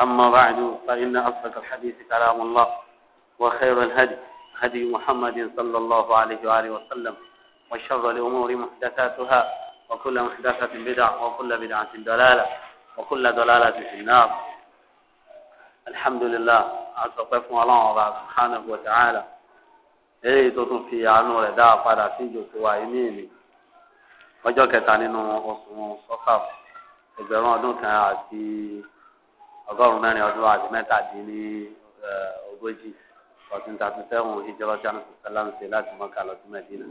أما بعد فإن أصدق الحديث كلام الله وخير الهدي هدي محمد صلى الله عليه وآله وسلم وشر الأمور محدثاتها وكل محدثة بدع وكل بدعة دلالة وكل دلالة في النار الحمد لله أتوقف الله سبحانه وتعالى èyí tó tún fi àánú rẹ̀ dá padà sí ìjòkó àìní ìní ọjọ́ kẹta nínú ọgọ́rùn-ún mẹ́rin ọdún àti mẹ́tàdínní eh, ogójì fourteen thirty seven ìjọba tí a ní sọ́lá ń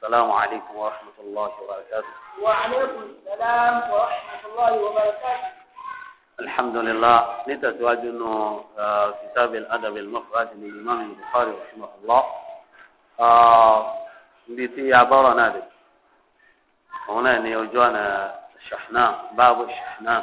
السلام عليكم ورحمة الله وبركاته وعليكم السلام ورحمة الله وبركاته الحمد لله نتزوج أنه كتاب الأدب المفرد للإمام البخاري رحمه الله بيتي عبارة نادي هنا يوجوانا الشحناء باب الشحناء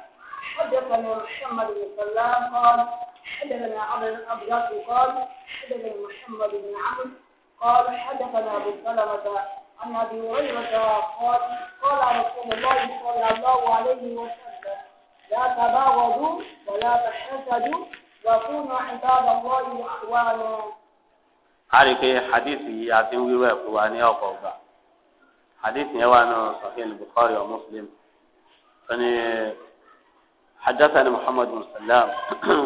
حدثنا محمد بن سلام قال حدثنا عبد الأبيض قال حدثنا محمد بن عمرو قال حدثنا أبو سلمة عن أبي هريرة قال قال رسول الله صلى الله عليه وسلم لا تباغضوا ولا تحسدوا وكونوا عباد الله إخوانا ari pé hadithi yìí àti wíwá ẹ̀kú wa ní ọ̀pọ̀ ọ̀gbà hadithi yẹn wà nù حدثنا محمد بن سلام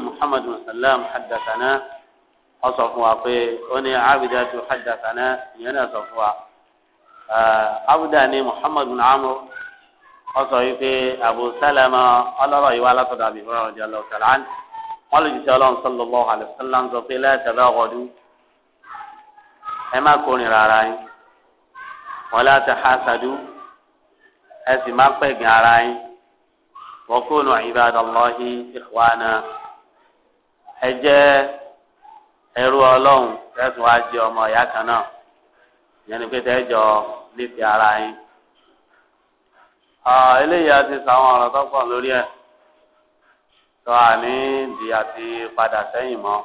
محمد بن سلام حدثنا أصف واقي أني عابدة حدثنا ينا أصف عبداني محمد بن عمرو أصف أبو سلمة على رأي وعلى صدى أبي رضي الله تعالى عنه قال صلى الله عليه وسلم قال لا تباغضوا أما كوني راراي ولا تحاسدوا أسمع بين راراي وكونوا عباد الله إخوانا ẹjẹ ẹrú Ọlọ́run tẹsán wá jẹ ọmọ ìyá kan náà yẹn ni pé tẹjọ nífẹ̀ẹ́ ara yín eléyìí a ti sàwọn ọ̀rọ̀ tó pọ̀ lórí ẹ̀ tó a ní di àti padà sẹ́yìn mọ́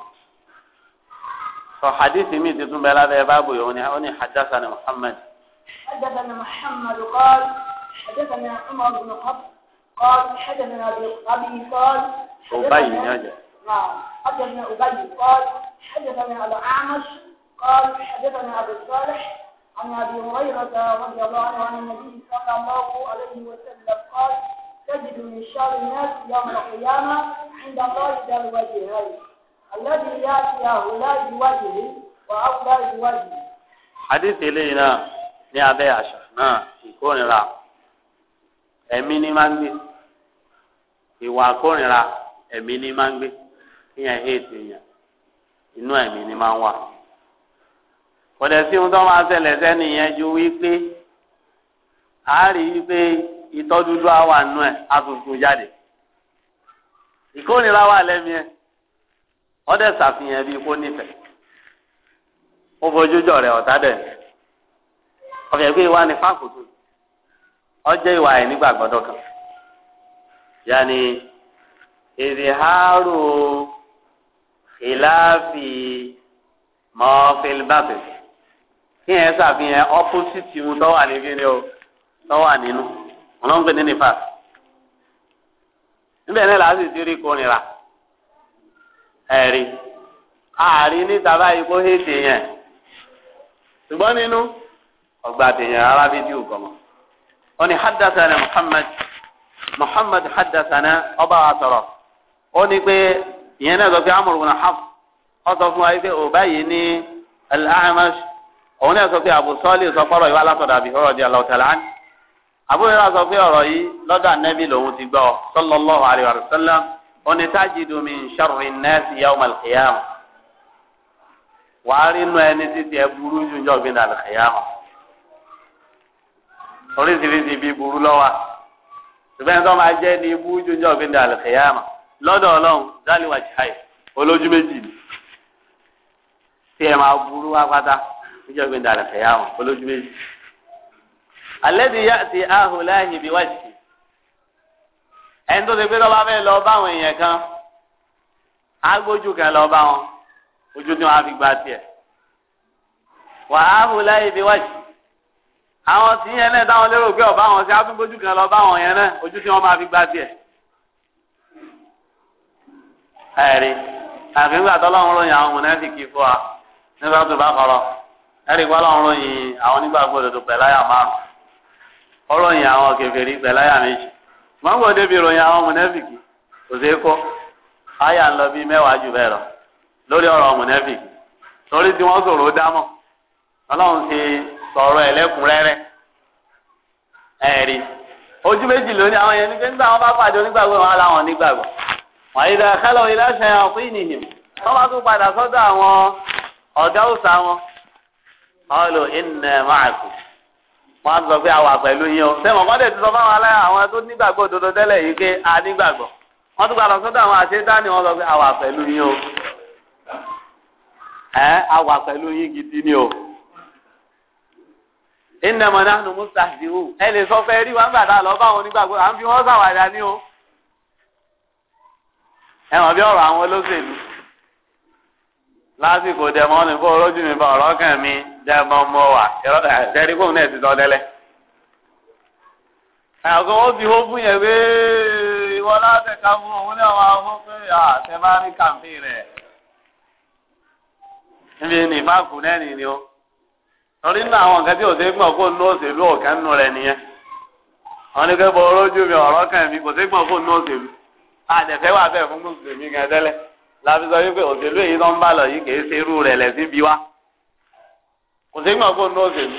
sọ hadith mi ti tún bẹ lábẹ́ báàbò yìí ó ní hadassah ni Muhammad. hadassah ni Muhammad kọ́ hadassah ni Umar bin Khattab. قال حدثنا أبي قال أبي نعم حدثنا أبي قال حدثنا الأعمش قال حدثنا أبو صالح عن أبي هريرة رضي الله عنه عن النبي صلى الله عليه وسلم قال تجد من شر الناس يوم القيامة عند الله ذا الوجهين الذي يأتيه لا بوجهه وأولى بوجهه حديث إلينا ní abẹ́ àṣà náà ìkórìíra ẹ̀mí ni abe asa نعم ń gbé ìwà àkórìíra ẹ̀mí ni máa ń gbé kíyàn hate èèyàn inú ẹ̀mí ni máa ń wà. kò dẹ̀ sí ohun tó máa ṣẹlẹ̀ ju wípé a rí i pé ìtọ́ dúdú wà nù ẹ̀ jáde. ìkórìíra wà lẹ́mí ẹ̀ ṣàfihàn bíi kó nífẹ̀ẹ́. ó fojú jọ rẹ̀ ọ̀tá dẹ̀ kan. yàní ìdíhàrò ìláàfì mọ́fìlbàbì kí ẹ ṣàfihàn ọ́pọ́sìtì mu tó wà níbí ni o tó wà nínú ọlọ́ngbẹ́ ní nípa níbẹ̀ náà láti ti rí kórìíra ẹ̀rí àárín níta báyìí kó héde yẹn ṣùgbọ́n nínú ọgbà tèèyàn arábídìí ò gbọmọ. ní hadassah ni muhammad muhammad hadassana ọba àtọ̀rọ̀ ó ní pé ìyẹn náà sọ pé amúr ibn hafs ó sọ fún wa pé òbá yìí ní al-A'mash òun náà sọ pé abu sọ́ọ̀lì sọ fọ́rọ̀ ìwà látọ̀dọ̀ àbí ọ̀rọ̀ di aláwọ̀ tẹ̀lá ní. àbúrò náà sọ pé ọ̀rọ̀ yìí lọ́dọ̀ ànẹ́bí lòun ti gbọ́ sallallahu alaihi wa sallam ó ní tajidu min sharri an-nasi yawm al-qiyamah wàá rí inú ẹni títí ẹ burú jù jọ́ gbin al-qiyamah oríṣiríṣi bíi burú lọ́wọ́ ṣùgbọ́n tó máa jẹ́ ní ibú jójọ́ òfin dà àlùkìyàmà lọ́dọ̀ ọlọ́run dáliwa jihai olójú méjì ni tí ẹ máa burú wá pátá jójọ́ òfin dà àlùkìyàmà olójú méjì. alẹ́ ti yá ti ahùláhì bí wájú ẹni tó ti gbé lọ́ba fẹ́ lọ bá àwọn èèyàn kan agbójú kan lọ bá wọn ojú tí wọn á fi gba tiẹ̀ wàá ahùláhì bí wájú àwọn tí yẹn náà dáwọn lérò pé ọba àwọn sí abúgbójú kan lọ bá àwọn yẹn náà ojú tí wọn máa fi gbá díẹ̀. ẹ̀rí àfihàn àtọ́lọ́run ròyìn àwọn mùnẹ́fìkì fún wa nígbà tó bá kọ́rọ́ ẹ̀rí kọ́ lọ́run ròyìn àwọn onígbàgbọ́ òdodo pẹ̀láyà márùn-ún ọlọ́yìn àwọn kèfèrí pẹ̀láyà méjì mọ́gbọ́n débi ròyìn àwọn mùnẹ́fìkì kò sí kó àyà ń lọ bí mẹ́wàá jù bẹ́ẹ̀ lọ lórí ọ̀rọ̀ mùnẹ́fìkì torí tí wọ́n sọ̀rọ̀ dámọ̀ ọlọ́run ti sọ̀rọ̀ ẹ̀lẹ́kùnrẹ́rẹ́ ẹ̀rí ojú méjì lónìí àwọn yẹn ní pé nígbà wọn bá pàdé onígbàgbọ́ wọn làwọn onígbàgbọ́ wọn yìí dára kálọ̀ wọn bá tún padà sọ́dọ̀ àwọn ọ̀gá òsà wọn ìnà máàkù wọn o sẹ́wọ̀n kọ́ndé ti sọ fáwọn alẹ́ àwọn tó nígbàgbọ́ òdodo tẹ́lẹ̀ yìí pé a nígbàgbọ́ wọn tún padà sọ́dọ̀ àwọn wọn sọ pé àwà pẹ̀lú yín o àwà pẹ̀lú yín gidi iná nù musa ṣe o ẹ lè sọ fẹ́ rí wọn gbàdá lọ bá onígbàgbọ́ à ń fi wọn sàwàdà ní o ẹ mọ̀ bí ọrọ àwọn olóṣèlú lásìkò dẹ̀mọ́ ni kó rójú mi ọ̀rọ̀ kàn mí wà ẹ̀rí kóun náà ti sọ tẹ́lẹ̀ fún yẹn pé ìwọ láti ká lórí nínú àwọn nǹkan tí ò ṣe gbọ̀n kó nú òṣèlú ọ̀kan nù rẹ̀ nìyẹn wọn ní kẹ́kọ̀ọ́ olójú mi ọ̀rọ̀ kan mi kò ṣe gbọ̀n kó nú òṣèlú àdẹ̀fẹ́ wà bẹ́ẹ̀ fún mùsùlùmí gan tẹ́lẹ̀ láti sọ wípé òṣèlú èyí tó ń bá lọ yìí kìí ṣe irú rẹ̀ lẹ́sìn bí wá kò ṣe gbọ̀n kó nú òṣèlú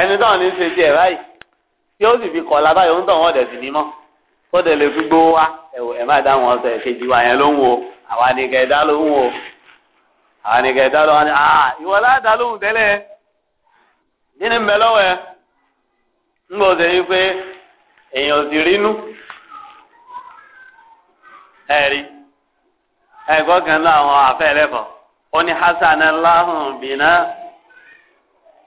ẹni tó ní ṣe tiẹ̀ báyìí tí ó sì fi kọ̀ lábáyé ń tàn àníkẹ́ dálọ́ wa ni ah ìwọ ládàá lóhùn tẹ́lẹ̀ nínú mẹ́lọ́wọ́ ẹ̀ ń bọ̀ sẹ́ yí pé èèyàn sì rínú ẹ̀rí ẹ̀gbọ́n kan náà àwọn afẹ́lẹ́kọ̀ọ́ ó ní hasan aláhùn bìnnà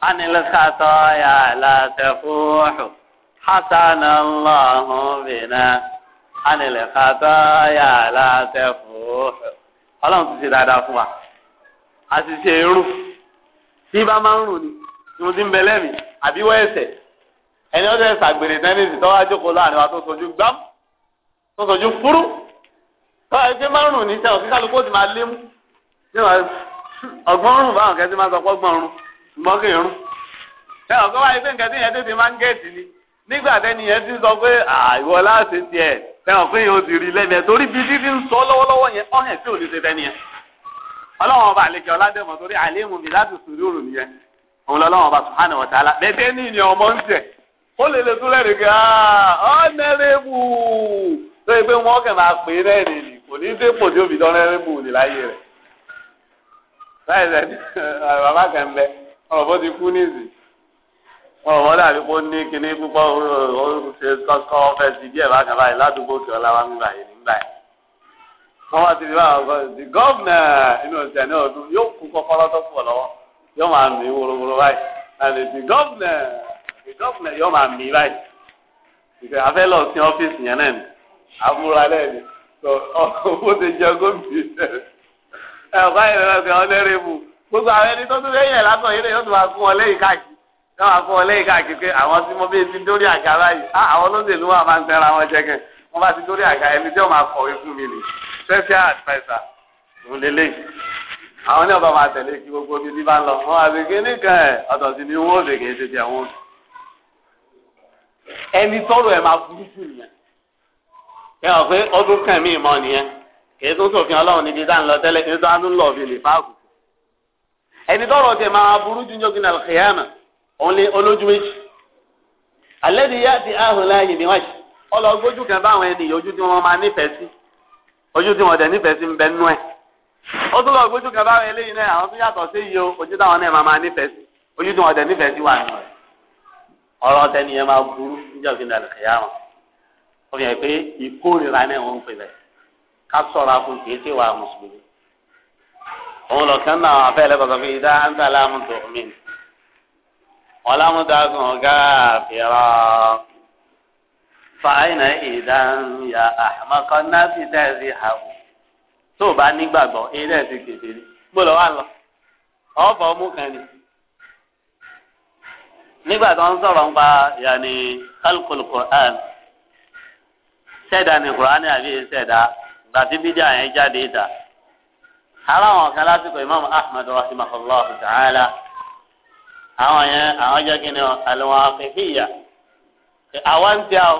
anilkatọ́ yà látẹ̀fúhù hasan aláhùn bìnnà anilkatọ́ yà látẹ̀fúhù ọlọ́run ti ṣe dáadáa fún wa àṣìṣe irun tí bá máa ń rùn ni tí mo ti ń bẹ lẹ́mìí àbí wọ́n ẹ̀sẹ̀ ẹni ọdún ẹ̀sẹ̀ àgbèrè tẹ́nìsì tó wá jókòó láàrin wa tó sojú gbám tó sojú fúrú tó wá ẹgbẹ́ máa ń rùn ní sẹ́wọ̀n kí kálukú ó ti máa lé mú ọgbọ́n rùn báwọn kẹ́sì máa sọ pé ọgbọ́n rùn ṣùgbọ́n kì í rùn sẹ́wọ̀n kó wáyé pé nǹkan tí ìyẹn tètè máa ń gẹ̀ẹ́sì ni nígbà tẹ́ni yẹn ti sọ pé àìwọ ọlọ́wọ́n ọba àlejò ọ̀làdẹ̀mọ̀ torí àlẹ́mù mi láti sùúrù nìyẹn òun lọ́wọ́n ọba subhanahu wa ta'ala bẹ́ẹ̀ ní ni ọmọ ń tẹ̀ ó lè lè tún lẹ́rìí gẹ́ ọ̀nẹ́rẹ́bù tó yẹ pé wọ́n kàn máa pè é rẹ́rìn ni kò ní dépò tí òbí dánrẹ́rẹ́bù ní láyé rẹ̀ láì rẹ̀ bàbá kan bẹ ọ̀rọ̀ bó ti kú níìsì ọ̀rọ̀ dàbí kó ní kinní púpọ̀ ó ṣe kọ́kọ́ fẹ́ ti díẹ̀ bákan báyìí ládùúgbò kí ọlá wa ń gbà yìí nígbà yìí wọ́n wá ti di báwọn ọkọ di gọ́ọ̀nà inú ọ̀sẹ̀ náà ọdún yóò kú kọ́kọ́rọ́ tó pọ̀ lọ́wọ́ yóò máa mì í wòlòwòlò báyìí àti di gọ́ọ̀nà di gọ́ọ̀nà yóò máa mì í báyìí ìfẹ́ afẹ́ lọ sí ọ́fíìsì yẹn náà ni àbúrò lẹ́ẹ̀ni owó ti jẹ gómìnà ẹ̀ ọ̀ká yẹn lọ́wọ́ sí ọ̀nẹ́rẹ́bù gbogbo àwọn ẹni tó tún lẹ́yìn ẹ̀ lásán yìí yóò tún máa fún ọ lẹ́yìn káàkiri yóò máa fún ọ lẹ́yìn káàkiri pé àwọn tí mo bí ti dórí àga báyìí ah, àwọn olóṣèlú wa máa ń tẹ́ra wọn jẹ́gẹ̀ẹ́ mo bá ti dórí àga ẹni tí ó máa kọ̀wé fún mi nì special adviser òun lélẹ̀ àwọn ní ọba máa tẹ̀lé kí gbogbo mi ní bá ń lọ wọn àbẹ̀kẹ́ nìkan ẹ̀ ọ̀tọ̀ sí ni wọ́n ò lè kẹ́ ṣe ti àwọn ẹni tọrọ ẹ máa burú jù nìyẹn ẹ hàn pé ọdún kan mi mọ nìyẹn kìí tún sòfin Ọlọ́run níbi tá à ń lọ tẹ́lẹ̀ kìí tún á tún lọ fi lè fa àkùkù ẹni tọrọ tẹ máa burú jù níjọ́ kìnnà kìyàmà òun lé olójú méjì alẹ́ ni yá ti áhùn láàyè níwájú ọlọgbójú kan báwọn ẹni ojú tí wọn máa nífẹ̀ẹ́ sí ojú tí wọn dẹ̀ nífẹ̀ẹ́ sí ń bẹ nú ẹ̀ ó tún lọ gbójú kan báwọn eléyìí náà àwọn tó yàtọ̀ sí iye ojú táwọn náà máa máa nífẹ̀ẹ́ sí ojú tí wọn dẹ̀ nífẹ̀ẹ́ sí wà nù ẹ̀ ọ̀rọ̀ tẹni yẹn máa burú níjọ́ fi dàlẹ̀ kẹ̀yà wọn ó fi hàn pé ìkórira náà wọ́n ń pè ká sọ̀rọ̀ akun kì í ṣe mùsùlùmí òun lọ kán náà àfẹ́ ẹlẹ́kọ̀ọ́ fi dá ń tà láàmú tó mí ọ̀làmúdàgùn ọ̀gá àfihàn. fàáyìnà ìdáhùn ya àmọ́kọ́ náà fi dẹ́ẹ̀rí àwò tó o bá nígbàgbọ́ eré ẹ̀ ti kékeré gbọ́dọ̀ wà lọ ọ̀fọ̀ ọmú kan ni nígbà tó ń sọ̀rọ̀ nípa yàní kálukul Qur'an sẹ́dá ni Qur'an àbí sẹ́dá gbàtí bídíà yẹn jáde ìta kan lásìkò ahmed rahimahullah ta'ala àwọn yẹn àwọn jẹ́ kí ni àwọn ń tẹ́ ọ.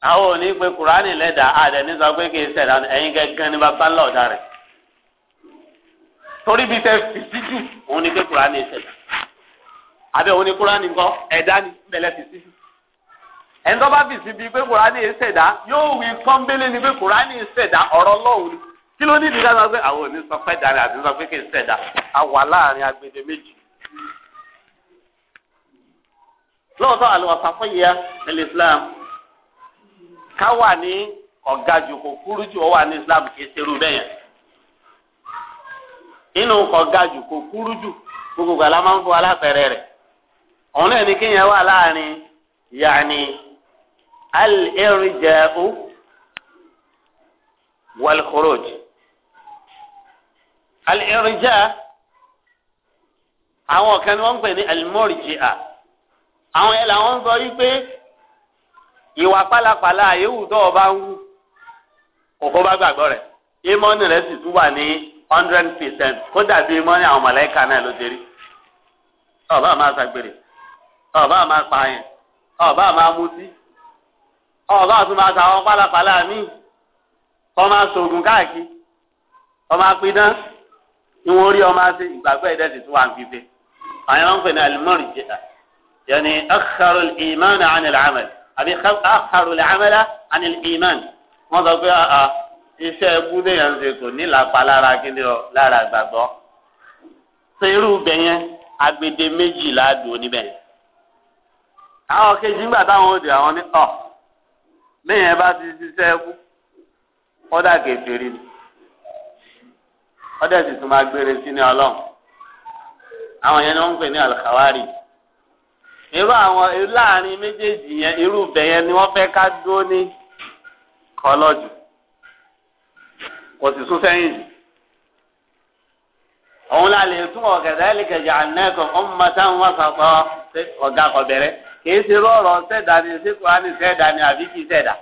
àwọn òní pé kùránì lẹ́dà àdẹ̀ní sọ pé kì í ṣẹ̀dá ẹ̀yin gẹ́gẹ́ ní bàbá ńlá ọ̀dà rẹ̀ torí bí fẹ́ fi òun ni pé kùránì ṣẹ̀dá àbẹ̀ òun ni kùránì ni bẹ̀lẹ̀ fi síjú bá fi bíi yóò wí ni pé kùránì ọ̀rọ̀ lọ́wọ́ kí ló ní láàrin agbede méjì ká wà ní ọ̀gá jù kò kúrú jù ó wà ní Islam kì í serú bẹ́ẹ̀ yẹn inú kò ga jù kò kúrú jù gbogbo gbala máa ń fọ alápẹ̀rẹ̀ rẹ̀ òun náà kéèyàn wà láàrin yàní al-irja'u wal àwọn kan ni wọ́n ń pè ní al àwọn yẹn làwọn ń sọ yí pé ìwà pálapàla àyẹ̀wò tó o bá ń wù kókó bá gbàgbọ́ rẹ̀ ìmọ̀nì rẹ̀ sì tún wà ní hundred percent kó dàbí ìmọ̀nì àwọn mọ̀lẹ́kà náà ló dérí ọba máa ṣàgbèrè ọba máa pààyàn ọba máa mutí ọba tún máa ta àwọn pálapàla míì kọ́ máa ṣoògùn káàkiri kọ́ máa pidán ìwọ̀n orí ọmọ àti ìgbàgbọ́ ẹ̀dẹ́ sì tún wà ń fífẹ́ àwọn ọ̀npẹ̀ ní alimọ́rì jẹ́ yẹn ni akhar àbí àkàrò lè amẹ́lá àni ìmán wọ́n sọ pé ah, ah, iṣẹ́ ẹkú lèèyàn ṣe kò ní làpá lára kíndé ọ lára àgbàgbọ́ ṣe irú bẹ̀yẹn agbede méjì láàdùn oníbẹ̀ àwọn kejì ńgbà táwọn òde àwọn nítọ̀ lẹ́yìn ẹ bá ti ṣiṣẹ́ ẹkú ọ̀dà kẹfẹ́rì ni ọ̀dà sì tún máa gbére sí ní ọlọ́run àwọn yẹn ni wọ́n ń pè ní alkawari. irú àwọn láàrin méjèèjì yẹn irú ibẹ̀ yẹn ni wọ́n fẹ́ ká dúró ní kọlọ́jù kò sì sún sẹ́yìn jù òun la lè tún ọ̀gẹ̀dẹ̀ ẹlẹ́kẹ̀jẹ̀ ànẹ́kọ̀ ọmọọta ń wọ́n sọ̀tọ̀ ọ̀gá kọ̀bẹ̀rẹ̀ kìí ṣe rọ̀rọ̀ sẹ́dá ni síkù á ní sẹ́dá ni àbí kìí sẹ́dá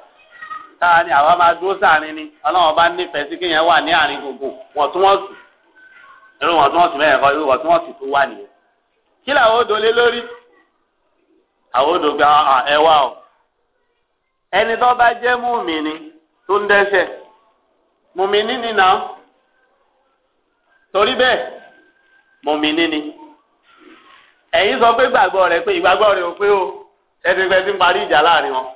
táwa ni àwa máa dúró sáàrin ni ọlọ́wọ́n bá nífẹ̀ẹ́ sí kéèyàn wà ní àárín gbogbo irú mẹ́rin kọ́ irú tó wà nìyẹn kí làwọn lórí àwọn odògbé ẹ wá o ẹni tó bá jẹ́ mùmíní tó ń dẹ́ṣẹ̀ mùmíní ni nà torí mùmíní ni ẹ̀yin sọ pé rẹ pé rẹ ò pé o ẹ̀sìnkẹ́ ti ń parí ìjà láàrin wọn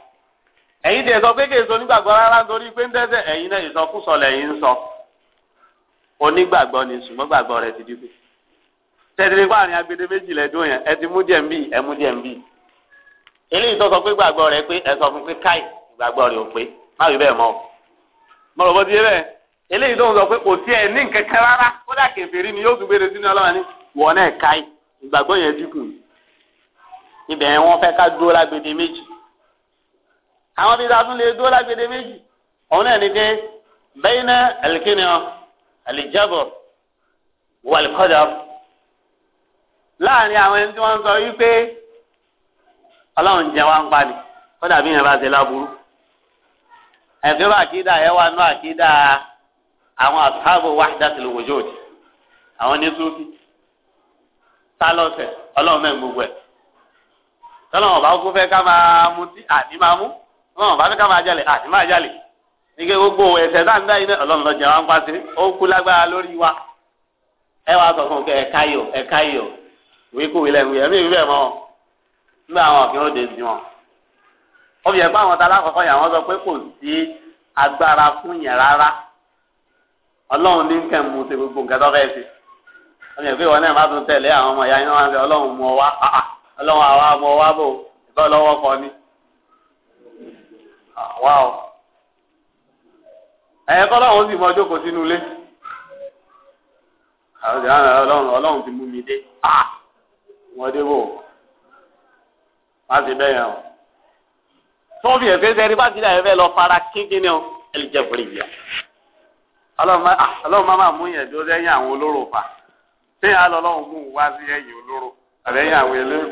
ẹ̀yin tẹ̀ sọ pé kèso onígbàgbọ́ rárá nítorí pé ń náà ìsọkúsọ ń sọ ni rẹ ti agbede yẹn ẹ ti mú ń bì ẹ mú eléyìí tó sọ pé gbàgbọ́ rẹ pé ẹ sọ fún pé káì gbàgbọ́ rẹ ò pé má wí bẹ́ẹ̀ mọ́ o mo rò bó ti yé bẹ́ẹ̀ eléyìí tó ń sọ pé kò tiẹ̀ ní nǹkan rárá kódà kèfèrí ni yóò tún gbére sínú ọlọ́run ní wọ́n náà káì ìgbàgbọ́ yẹn dínkù ibẹ̀ wọ́n fẹ́ ká dúró lágbede méjì àwọn bíi dáadún lè dúró lágbede méjì òun náà ní pé bẹ́yìn náà ẹ̀lìkínni ọ àlìjábọ̀ láàrin àwọn ẹni tí wọ́n ń sọ wípé ọlọ́run jẹ wá ń pa ni kódà bí yẹn bá ṣe láburú ẹ̀fẹ́ bá àkídà ẹ̀ wá nú àkídà àwọn àtúbàbò wahdatul wujud àwọn ní Súfì sálọ̀sẹ̀ ọlọ́run mẹ́rin gbogbo ẹ̀ tọ́lọ́run ọba kú fẹ́ ká máa mutí àní máa mú tọ́lọ́run ọba fẹ́ ká máa jalè àní máa jalè nígbà gbogbo ẹ̀ṣẹ̀ tá ń dá iná ọlọ́run lọ́jà wá ń pa sí ó kú lágbára lórí wa ẹ wá sọ fún un kẹ ẹ̀ka yìí o ẹ̀ka yìí o ìwé kúwèé nígbà àwọn ọ̀kẹ́ òde sí wọn. ó fi ẹ̀gbọ́n àwọn tala kọ̀ọ̀kan yà wọ́n sọ pé kò sí agbára fún yẹn rárá ọlọ́run ní kẹ́ ń mu ṣe gbogbo nǹkan tó fẹ́ ṣe. ó fi ẹ̀gbọ́n ìwọ náà má tún tẹ̀lé àwọn ọmọ ìyá yín wọn fi ọlọ́run mú ọ wá ọlọ́run àwa mú ọ wá bò ìbá ọlọ́wọ́ kọ ni. àwa ah, o ẹ̀yẹ kọ́ lọ́run sì mọ ọjọ́ kò sínú ilé. àwọn ọlọ́run ti mú mi dé. wọ́n ah, dé wò ó má sì bẹ́ẹ̀ yẹn o tó fi ẹ̀fẹ́ sẹ́ni bá ti dà ẹ̀fẹ́ lọ fara kíkíní o ẹ̀lìjẹ̀fọ̀rì yìí ọlọ́run má ah, máa mú yẹn dúró lẹ́yìn àwọn olóró fa sẹ́yìn á lọ lọ́run mú un wá sí ẹ̀yìn olóró àbẹ́yìn àwọn eléwu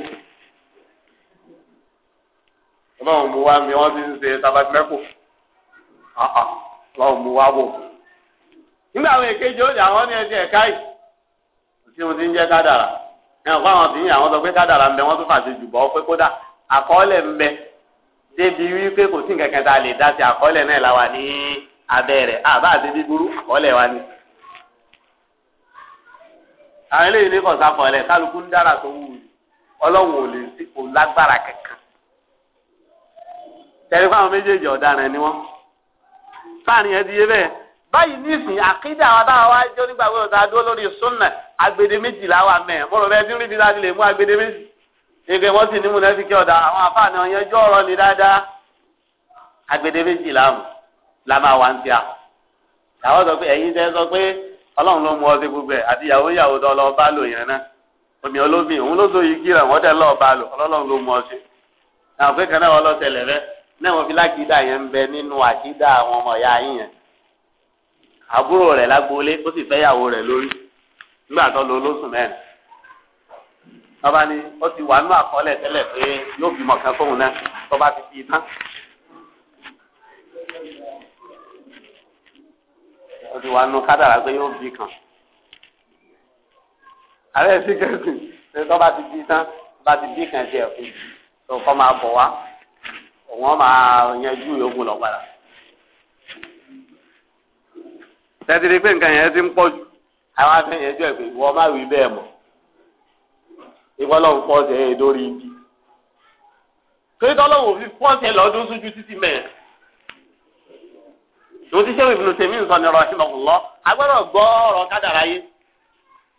ọlọ́run mú wá mi wọ́n ti ń ṣe tabatimẹ́kù ọlọ́run mú wá bò nígbà àwọn èkejì ó dà wọ́n ní ẹsẹ̀ ẹ̀ka yìí tí mo ti ń jẹ́ kádàrà ẹ̀ ń kọ́ àwọn tìyìn àwọn sọ pé kádàrà ń bẹ wọ́n tún fàṣẹ àkọọ́lẹ̀ ń bẹ débi wípé kò sí nǹkan kan tá a lè dá sí náà la wà ní abẹ́ rẹ̀ àbá àti bíburú àkọọ́lẹ̀ wa ni. àwọn eléyìí ní kọ̀sákọ̀ọ́lẹ̀ kálukú ń dára tó wù ú ọlọ́run ò lè sí kò lágbára kankan. tẹ̀lé fáwọn méjèèjì ọ̀daràn ni wọ́n. sáàrin ẹ ti yé bẹ́ẹ̀ báyìí nísìn àkídà àwọn táwọn wá jọ nígbà wíwọ̀n tá lórí súnà agbede méjìlá mẹ́ẹ̀ mo ṣébi wọ́n sì ní múnẹ́fíkì ọ̀dà àwọn àfààní ọ̀yẹ́jọ́ ọ̀rọ̀ ni dáadáa agbèdébéjì láàmù la máa wá ń a làwọn sọ pé ẹ̀yin tẹ́ sọ pé ọlọ́run ló mú ọ sí gbogbo ẹ̀ àti ìyàwó ìyàwó tó lọ bá lò yẹn náà omi olómi òun ló so yìí rẹ̀ wọ́n tẹ́ lọ́ọ̀ bá lò ọlọ́run ló mú ọ sí àwọn pé kan náà wọ́n lọ tẹ̀lẹ̀ rẹ náà wọ́n fi lákìdá yẹn ń bẹ nínú àkìdá àwọn ọmọ ìyá yín yẹn àbúrò rẹ̀ lágboolé ó sì fẹ́ ìyàwó rẹ̀ lórí nígbà tó lo olóṣù mẹ́rin ọba ni ó ti wà nú àkọọ́lẹ̀ tẹ́lẹ̀ pé yóò bímọ kan fóun náà tọ́ba ti fi tán. ó ti wà nú kádàrá pé yóò bí kan. ààrẹ sì kẹsì pé tọ́ba ti bí tán bá ti bí kan tiẹ̀ fún tó kọ́ máa bọ̀ wá òun máa yanjú yòókù lọ padà. tẹ́tí ni pé nǹkan yẹn ti ń pọ̀ jù àwọn afẹ́yẹ̀jọ́ ìpè wọ́n má wí bẹ́ẹ̀ mọ́. ìwọlọ́wọ́ pọ́ọ̀sì ẹ̀ lórí ibi torí tọ́lọ́wọ́ fi pọ́ọ̀sì ẹ̀ lọ́dún sójú títí mẹ́ẹ̀. ìwọ ti sẹ́wọ̀n ìbùnú tèmi nǹkan nìrọ̀ sí mọ̀kùnlọ́ agbọ́dọ̀ gbọ́ ọ̀rọ̀ kádàrá yé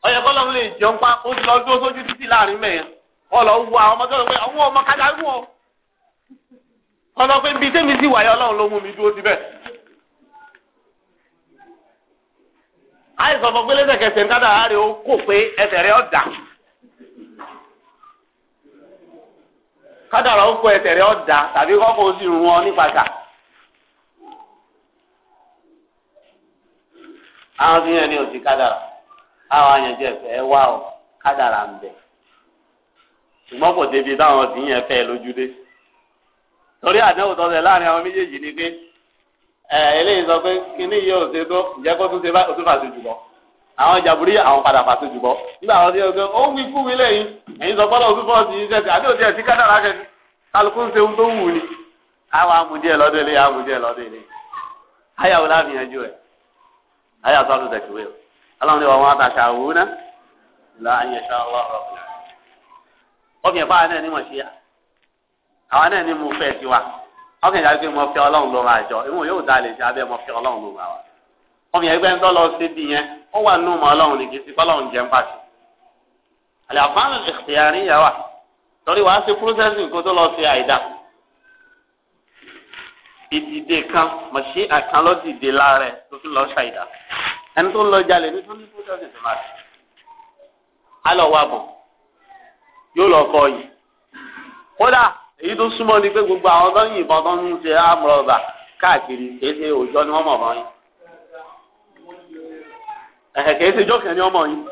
ọ̀yẹ̀ kọ́lọ́ lè jẹun pa ó ti lọ́dún sójú títí láàrin mẹ́ẹ̀ ọ̀lọ́ wu àwọn ọmọ tó pé àìsàn fọ pé ń kádàrá rẹ̀ ó kò pé ẹsẹ̀ rẹ̀ ọ̀dà. kádàrà ó etere ẹsẹ̀ rẹ̀ ọ̀dà tàbí kọ́kọ́ ó sì rún ọ nípasà. àwọn fi hàn ní òsì kádàrà àwọn àyànjẹ ẹ wá ọ kádàrà ń ṣùgbọ́n kò débi báwọn yẹn fẹ́ lójúdé torí àdéhùn tọ́sẹ̀ láàrin àwọn méjèèjì ni pé sọ pé kíní yìí ò ṣe tó àwọn jàbúrí àwọn padà fà sójú bọ́ nígbà àwọn tí ó gbé ó wí fún mi lẹ́yìn ẹ̀yin sọ fọ́lọ́ òkú bọ́ọ̀sì yìí sẹ́sì àbí òtí ẹ̀sìn kádàrá kẹ́sì kálukú ń ṣe ohun tó wù ni àwọn amúdíẹ̀ lọ́dún ilé amúdíẹ̀ lọ́dún ilé ayàwó láàbì yanjú ẹ̀ ayàwó sọ́dún tẹ̀síwé o aláwọn ní wọn ta ṣàwó ná là ń yẹsọ ọlọ́rọ̀ ọkùnrin fáwọn náà ni wọ́n ṣe àwọn náà ni mo fẹ́ tiwa ọkùnrin yàrá pé fẹ́ ọlọ́run ló máa jọ ìwọ̀n yóò dá lè ṣe abẹ́ mo fẹ́ ọlọ́run ló máa wà ọmọ yẹn gbẹ́ ń tọ́ lọ sí bí yẹn ó wà nù mọ́ ọlọ́run ní kìí sí kọ́lọ́run jẹun pàṣẹ. àlẹ́ àfáàní ìṣẹ̀yàrí yà wà torí wàá ṣe púrọ́sẹ́sì kó tó lọ sí àìdá. ìdìde kan mọ̀ṣí àkàn ló dìde láàrẹ tó tún lọ ṣàìdá. ẹni tó ń lọ jalè ní tó ní púrọ́sẹ́sì tó máa ṣe. á lọ wá bọ̀ yóò lọ kọ yìí. kódà èyí tó súnmọ́ ni pé gbogbo àwọn tó ń yìnbọn tó ń ṣe àmúrọ̀bà káàkiri kéde òòjọ́ ni wọ́n mọ̀ fún ẹ̀kẹ́ ṣe jọ́ kẹ́ni ọmọ yìí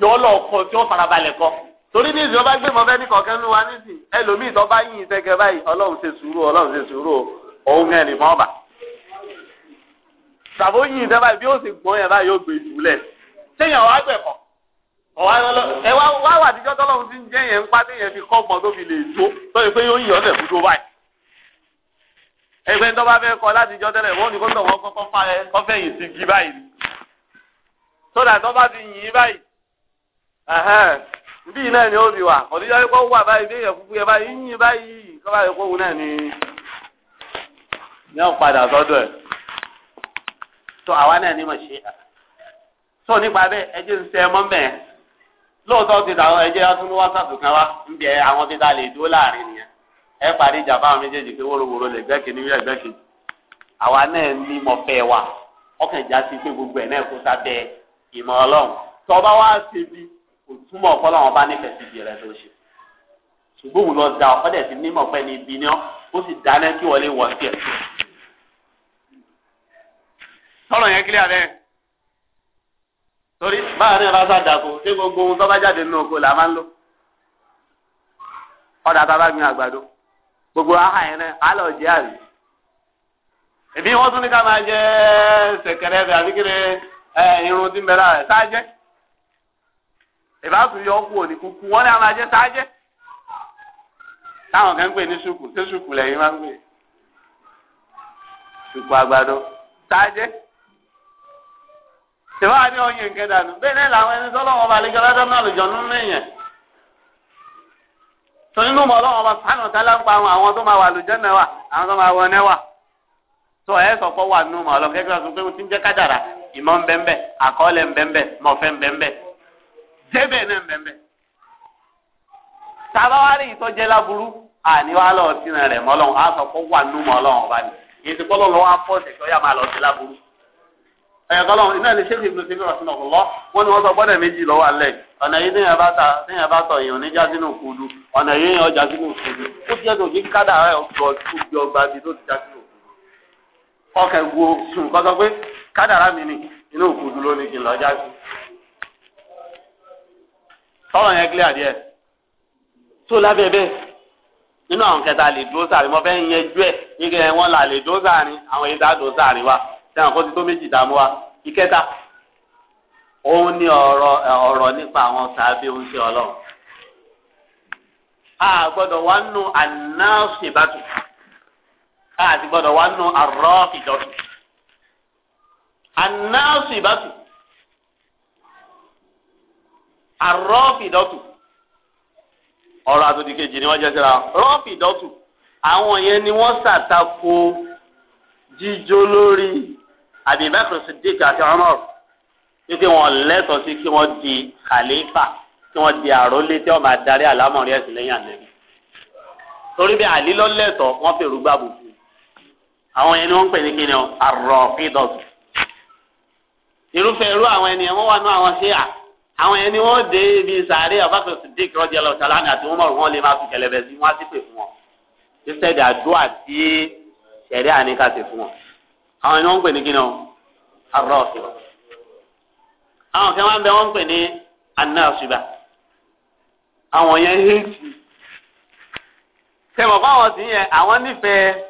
yọ lọ kọ tí ó farabalẹ̀ kọ torí ní ìsìn ọba gbé mọ fẹ́ni kọ̀ọ̀kan ní wa nísìn ẹlòmíì tó bá yìn ìtẹ́kẹ́ báyìí ọlọ́run ṣe sùúrù ọlọ́run ṣe sùúrù òun ẹ̀ ní mọ́ọ̀bà tàbó yìn ìtẹ́ báyìí bí ó sì gbọ́n yẹn báyìí yóò gbé ìdúlẹ̀ séèyàn wá gbẹ̀kọ̀ ọ̀wá ẹ wá wá wà níjọ́ tọ́lọ́run ti ń jẹ́ yẹn ń pa téèyàn fi kọ́gbọ́n tó fi lè jó tó yẹ pé yóò yìn ọ́sẹ̀ fúdó báyìí ẹgbẹ́ tó bá fẹ́ kọ láti jọ́ tẹ́lẹ̀ wọ́n ní kó tọ̀ wọ́n kọ́kọ́ fẹ́ yìí sí gí báyìí sódà tó bá ti yìn báyìí bí náà ni ó fi wà ọ̀díjà kó wà báyìí bí èèyàn kúkú yẹ báyìí yìn báyìí kó báyìí kó wù náà ni ní ọ̀padà sọ́dọ̀ ẹ̀ tó àwa náà ní mọ̀ṣẹ́ tó nípa bẹ́ẹ̀ ẹjẹ́ ń sẹ́ mọ́ mẹ́ẹ̀ lóòótọ́ ti dàrọ ẹjẹ́ á tún kan wá ń bẹ àwọn tí ta lè dúró láàrin nìyẹn ẹ parí ìjà fáwọn méjèèjì pé wóróworó lè gbẹ́kẹ̀ níwí ẹ̀gbẹ́kẹ̀ àwa náà ní mọ̀fẹ́ wa ọkàn ìjà sí pé gbogbo ẹ̀ náà kó sábẹ́ ìmọ̀ ọlọ́run tọba wá ṣe bí kò túmọ̀ ọ̀pọ̀lọ́wọ́n bá nífẹ̀ẹ́ sí ibi rẹ̀ tó ṣe ṣùgbọ́n òun lọ da ọ̀pọ̀ dẹ̀ ti nímọ̀ pẹ́ ní ibi ni ọ́ ó sì dáná kí wọlé wọ sí ẹ̀. tọ́lọ̀ yẹn kílẹ̀ abẹ́ torí báyọ̀ náà bá sàdàkọ ṣé gbogbo ohun tó jáde nínú oko là máa ń lò ọ̀dà tá a bá gbin àgbàdo gbogbo aha yẹn náà á lọ jẹ́ àrí. èmi wọ́n tún ní ká máa jẹ́ sẹ̀kẹ̀rẹ̀ bẹ̀ àbíkẹ́rẹ́ ẹ irun tí ń bẹ lára rẹ̀ sáájẹ́ ìbátan yọ kú òní kúkú wọ́n ní àwọn ajẹ́ táwọn kan ń pè ní ṣùkù tí ṣùkù lẹ́yìn máa ń pè ṣùkù àgbàdo sáájẹ́ ìwà ni ọyìn nǹkan dànù bẹ́ẹ̀ náà làwọn ẹni tọ́lọ́wọ́n ọba àlejò náà lè tó nínú ọba sánà tálá ń pa àwọn tó máa wà náà wà àwọn tó máa wọ náà wà. tó ẹ sọ pé wà nínú màá lọ kẹ́kẹ́ sọ pé o ti ń jẹ́ kádàrà ìmọ̀ ń bẹ́ẹ̀ bẹ́ẹ̀ àkọọ́lẹ̀ ń bẹ́ẹ̀ bẹ́ẹ̀ mọ̀fẹ́ ń bẹ́ẹ̀ bẹ́ẹ̀ jẹ́bẹ̀ náà ń bẹ́ẹ̀ bẹ́ẹ̀. sábà wá rí ìtọ́jẹ́ láburú àní wàá lọ sí rẹ̀ mọ́lọ́hún á sọ pé wà nínú mọ́lọ́hún ọba ni èsì pọ́lọ́ lọ́wọ́ á pọ̀ ṣẹ̀ṣọ́ yà máa lọ sí láburú. ẹ̀yọ̀kọ́lọ́hún iná ni ṣéèkì ìbùnú síbí ọ̀sìn ọ̀kọ̀lọ́ wọ́n ní wọ́n sọ gbọ́dọ̀ méjì lọ́wọ́ alẹ́ ọ̀nà yìí téèyàn bá ta téèyàn bá tọ̀ èèyàn níjà sínú òkudu ọ̀nà yìí èèyàn ọjà sínú òkudu ó ti ẹ̀ tó kí kádà rẹ̀ ọgbà bí tó ti já sí ọkẹ wo sùn kọsọ pé kádàrá mi ni inú òkúdu ló ní kí n lọ jáde sọ̀rọ̀ yẹn kílẹ̀ díẹ̀ tó lábẹ́ bẹ́ẹ̀ nínú àwọn kẹta lè dúró sàrí mo fẹ́ yẹjú ẹ̀ yíkẹ́ wọn là lè dúró sàrí àwọn èyí tá a dúró sàrí wa sẹ́wọ̀n kó ti tó méjì dààmú wa ìkẹta òun ni ọ̀rọ̀ ọ̀rọ̀ nípa àwọn sàbí oúnjẹ ọlọ́run a gbọ́dọ̀ wá nù ànáṣìbátù àti gbọ́dọ̀ wà nù arrafidatu annasibatu arrafidatu ọ̀rọ̀ àtòdìkejì ni wọ́n jẹ́ síra rafidatu àwọn yẹn ni wọ́n ṣàtakò jíjó lórí Abubakar Siddiq àti Umar wípé wọ́n lẹ́tọ̀ọ́ sí kí wọ́n di khalifa kí wọ́n di àrólé tí wọ́n máa darí àlámọ̀rí ẹ̀sìn lẹ́yìn àlẹ́ torí bí àlílọ́lẹ́tọ̀ wọ́n fèrú gbàgbọ́ àwọn yẹn ni wọ́n ń pè ní kíni o arọ̀fídọ̀tù irúfẹ́ irú àwọn ẹni wọ́n wà nú àwọn ṣíà àwọn ẹni wọ́n dé ibi sàárè abakar sidik rọ́jà lọ sàlámì àti umar wọn lè máa fi kẹlẹ́bẹ̀ sí wọn á sì pè fún wọn sísẹ́dì àdúrà tí ṣẹ̀rí àníkà sì fún wọn àwọn ẹni wọ́n ń pè ní kíni o arọ̀fídọ̀tù àwọn kan ń bẹ wọ́n ń pè ní anásùbà àwọn yẹn hẹ́ẹ̀tì tẹ̀wọ̀n fáwọn sí yẹn àwọn nífẹ̀ẹ́.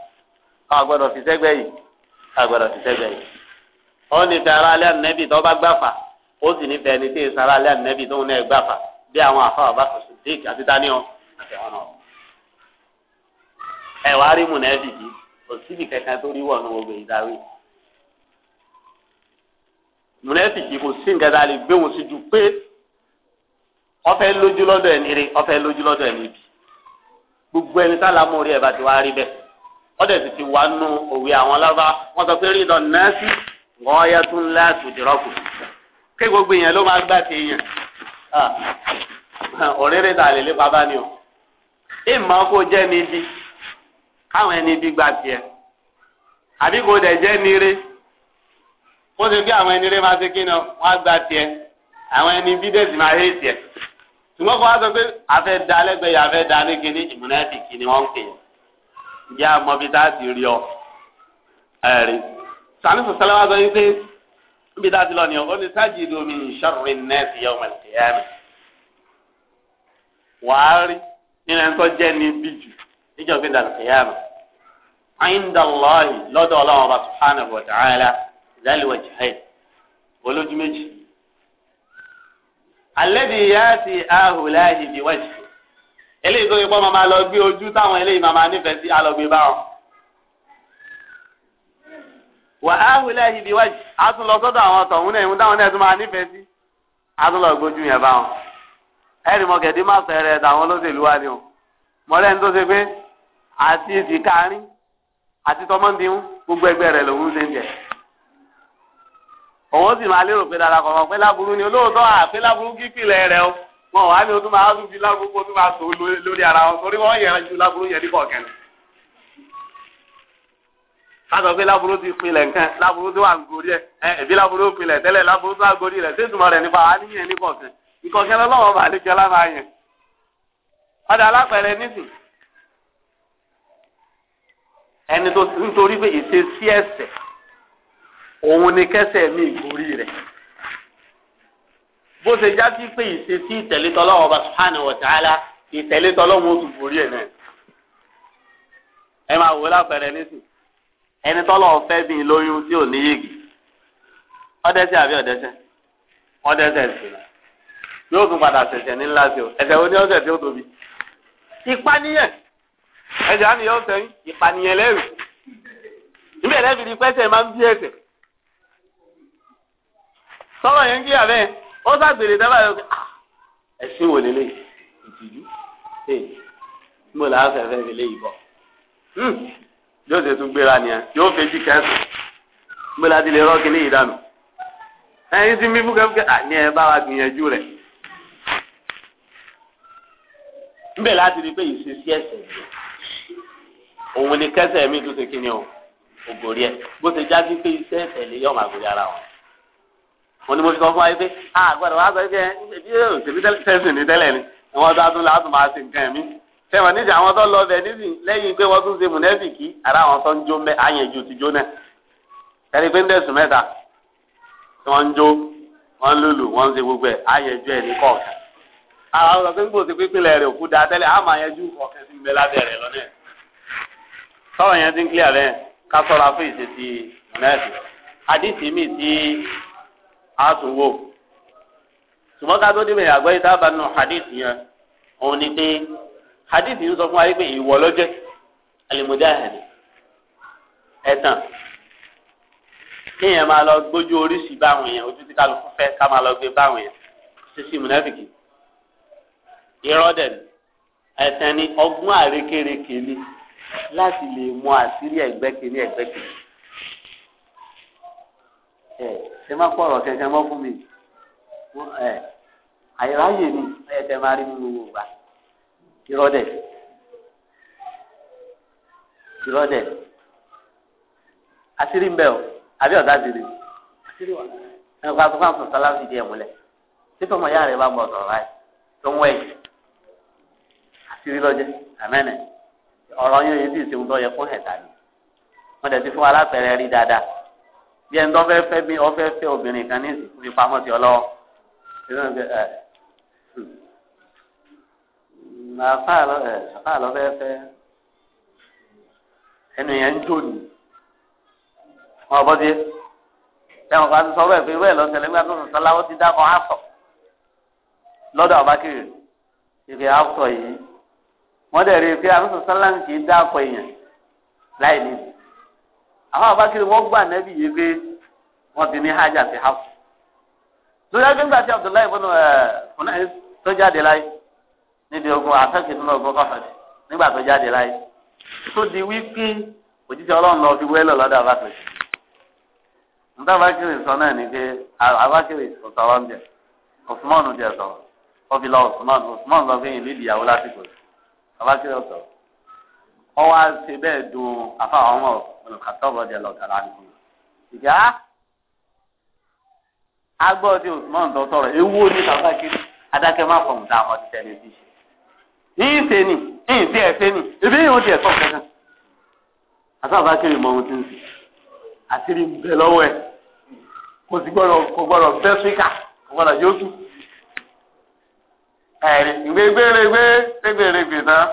àgbọ̀dọ̀ sì sẹ́gbẹ́ yìí àgbọ̀dọ̀ sì sẹ́gbẹ́ yìí. wọ́n ní fẹ́ aráalé ànẹ́bì tó bá gbàfà ó sì ní fẹ́ ẹni tí èsì aráalé ànẹ́bì tó ń náà gbàfà bí àwọn àfáwà bá kọ̀sùn déèkì àti dáníọ̀ àti àwọn náà. ẹ wàá rí mùnẹ́bì yìí kò síbi kankan tó rí wọ̀nù gbogbo ìdáwé. mùnẹ́bì yìí kò sí nǹkan tá lè gbé wọn sí ju pé ó lójú lọ́dọ̀ ẹni rí ó lójú lọ́dọ̀ ẹni bì gbogbo ẹni tá a ẹ bá ti wá rí bẹ́ẹ̀ ọdẹ ti ti wà nù òwe àwọn lábá wọn sọ pé rídọ nẹẹsì wọn yẹ tún láti dìrọkù ké gbogbo yẹn ló máa gbà tí yẹn ah, òréré tà lè lépa bá ní o ìmọ̀ kó jẹ́ ní ibi káwọn ẹni ibi gbà tiẹ̀ àbí kò dẹ̀ jẹ́ ní ire ó ti bí àwọn ẹni ire máa ṣe kí ni wọ́n gbà tiẹ̀ àwọn ẹni ibi dẹ̀ sì máa hé tiẹ̀ ṣùgbọ́n kó wá sọ pé àfẹ́ da àfẹ́ da ní ìmúnáyà ti kí ni wọ́n ń pè ìyá àmọ́bí tá a ti rí ọ ẹ̀rí sànúfù sálámà sọ wípé níbi tá a ti lọ nìyẹn ó ní sáàjì domi ìṣọ̀rin nẹ́ẹ̀sì yẹ ọmọ ìkẹyà mi wàá rí nínú ẹni tó jẹ́ ní bíjù níjọ́ fi dàlùkẹyà mi ayíǹdàlọ́ọ̀hì lọ́dọ̀ ọlọ́run ọba subhanahu wa ta'ala ìdálẹ́wọ̀ jihad olójú méjì alẹ́ bí yá ti ahùláhì eléyìí tó yẹ kó máa lọ gbé ojú táwọn eléyìí máa nífẹ̀ẹ́ sí alọ́gbé bá wà á wulẹ̀ yìí bí a tún lọ sọ́dọ̀ àwọn tọ̀hún náà ìhun táwọn náà tún máa nífẹ̀ẹ́ sí a tún lọ gbójú yẹn bá wọn. ẹnì mọ̀kẹ́dí má fẹ́rẹ̀ tàwọn olóṣèlú wa ni o mọ̀lẹ́ ní tó ṣe pé àti ìdíkárín àti tọmọ́ndínwó gbogbo ẹgbẹ́ rẹ̀ lòún ṣe ń jẹ òun sì máa lérò pé dára kọ̀ọ̀kan pé láburú ni olóòótọ́ àpé láburú kíkìlẹ̀ rẹ̀ o. wọn wà ní ọdún máa ń fi lágbókò ọdún máa sọ lórí ara wọn torí wọn yẹra ju lágbóró yẹn nípa ọ̀kẹ́ kásọ̀ pé ti pinlẹ̀ nǹkan láburú tó wà ń gorí ẹ ẹbí láburú pinlẹ̀ tẹ́lẹ̀ láburú tó wà gorí rẹ̀ ṣé rẹ̀ nípa wà bá yẹn. ọ̀dà alápẹ̀rẹ̀ nísìn ẹni tó nítorí pé ìṣesí ẹ̀sẹ̀ òun ni kẹ́sẹ̀ mi bó ṣe já sí pé ìṣesí ìtẹ̀lé tọ́lọ́wọ́ ọba subhanahu wa ta'ala ìtẹ̀lé tọ́lọ́wọ́ ó tún borí ẹ̀ náà ẹ máa wò lápẹẹrẹ nísìn ẹni tọ́lọ́wọ́ fẹ́ bí lóyún tí ò ní yégi ọdẹsẹ àbí ọdẹsẹ ọdẹsẹ sí yóò tún padà ṣẹ̀ṣẹ̀ ní ńlá sí o ẹ̀ṣẹ̀ wo ni ọ̀sẹ̀ tí ó tóbi ìpànìyàn ẹ̀ṣẹ̀ á nìyẹn ọ̀sẹ̀ ìpànìyàn lẹ́rù níbẹ̀ lẹ́bi ni pẹ́sẹ̀ máa ń bí ẹ̀ṣẹ̀ sọ̀rọ̀ yẹn ń kí àbẹ́ ó sàgbèrè dábàá yóò ẹ ṣé wò lélẹ̀ ìtìjú ee mo là á fẹ́fẹ́ fi lé ìbọ̀ yóò hmm, ṣe tún gbéra nìyẹn yóò fèjì kẹsàn-án mo là á ti lè rọ́ọ̀kì ah, ní ìdánù ẹyin ti mí fúkẹ́fúkẹ́ àní ẹ bá wa gbìyànjú rẹ̀ nbẹ̀ láti rí pé ìṣesí ẹ̀sẹ̀ yìí òun ni kẹsẹ̀ mi tó ṣe kí ni o ògòrí ẹ bó ṣe já sí pé iṣẹ́ ẹ̀sẹ̀ lè yọ̀ màgòrí ara wọn wọn ni mo fi sọ fún wa pé a gbọ́dọ̀ wá sọ pé ẹbí òṣèlú tẹsán ní tẹ́lẹ̀ ni wọn dá tún láti máa ṣe nǹkan mi sẹwọn níjà àwọn tó lọ bẹ níbi lẹ́yìn pé wọn tún ṣe mùnẹfìkì ara àwọn tó ń jó mẹ àyànjú ti jó náà ẹni pé ń dẹsùn mẹ́ta tí wọn ń jó wọn ń lùlù wọn ń ṣe gbogbo ẹ àyànjú ẹ ní kọ̀ọ̀kan àwọn ọ̀sán tó ń gbòòsè pípínlẹ̀ rẹ̀ òkú da tẹ́lẹ̀ àmọ́ àyànjú kọ̀ọ̀kan ti ń bẹ lábẹ́ rẹ̀ lọ́nà sọ̀rọ̀ yẹn ti á tún wò. ṣùgbọ́n ká tó débẹ̀ àgbẹ̀ ìtàbà nù hadith yẹn òun ni pé hadith yìí sọ fún wa pé ìwọ lọ́jẹ́ al-mujahid ẹ̀tàn kéèyàn máa lọ gbójú oríṣi báwọn yẹn ojú tí kálukú fẹ́ ká máa lọ gbé báwọn yẹn sísí mùnáfìkì ìrọ́dẹ̀ni ẹ̀tàn ni ọgbọ́n àrékérekè ni láti lè mọ àṣírí ẹgbẹ́ kìíní ẹgbẹ́ kìíní. ẹ má pọ̀rọ̀ kẹ̀kẹ́ mọ́ fún mi ẹ àyíráyè ni ẹ máa rí nínú yorùbá irọ́ dẹ̀ irọ́ àṣírí ń o àbí ọ̀dà ẹ̀ yára bá tó ń wẹ̀ yìí àṣírí lọ́jẹ́ àmẹ́nẹ̀ ọ̀rọ̀ yẹ fún ni bí tó fẹ́ fẹ́ bí ọfẹ́ fẹ́ obìnrin kan ní ìsìnkú pamọ́ sí ọlọ́wọ́ hmm, hmm, àfáà lọ fẹ́ fẹ́ ẹnu yẹn ń jò ní wọn bọ́ sí ẹ̀wọ̀n kan ti sọ bẹ́ẹ̀ pé wẹ́ẹ̀ lọ́sẹ̀ lẹ́gbẹ́ tó sọ̀tọ́ láwọn ti dákọ̀ àtọ̀ lọ́dọ̀ àbákẹ́rẹ́ ìfẹ́ àtọ̀ yìí wọ́n dẹ̀ rí i pé àtúntò sọ́lá kì í dákọ̀ èèyàn láì níbi àwọn àbákiri wọn gbà nẹ́bí yìí pé wọ́n ti ní hajj àti hafs lórí ẹgbẹ́ nígbà tí abdullahi bọ́nu ẹ̀ fúnẹ́ tó jáde láyé níbi ogun àtẹ́kì nínú ogun kọfẹ̀tì nígbà tó jáde láyé tó di wípé òjijì ọlọ́run lọ fi wẹ́lọ̀ lọ́dọ̀ abákiri nígbà abákiri sọ náà ni pé abákiri sọ̀rọ̀ ń jẹ osmọ́ọ̀nù jẹ sọ̀rọ̀ wọ́n fi lọ osmọ́ọ̀nù osmọ́ọ̀nù lọ fi yìn lídìí ìyàwó lásìkò abákiri sọ̀rọ̀ wọ́n wá ṣe bẹ́ẹ̀ dun afáwọn ọmọ ọ̀nà kàtọ́ bọ́dẹ lọ́gàrà nìkan. ìjà agbọ́dẹ Usman tó sọ̀rọ̀ ewu ní bàbá kiri adákẹ́ má fọ̀mù tá a mọ̀ ti tẹ̀lé bí ṣe. yìí ṣe ni yìí ṣe ẹ̀ṣẹ̀ ni ebi yìí ó ti ẹ̀kọ́ kankan. àtàwọn kiri mọ ohun tí ń sè àtìrí ń bẹ lọ́wọ́ ẹ̀ kò sì gbọ́dọ̀ kò gbọ́dọ̀ bẹ́ síkà kò gbọ́dọ̀ yóò tù. ẹ̀rí ìgbégbéregbé ṣégbèrègbè náà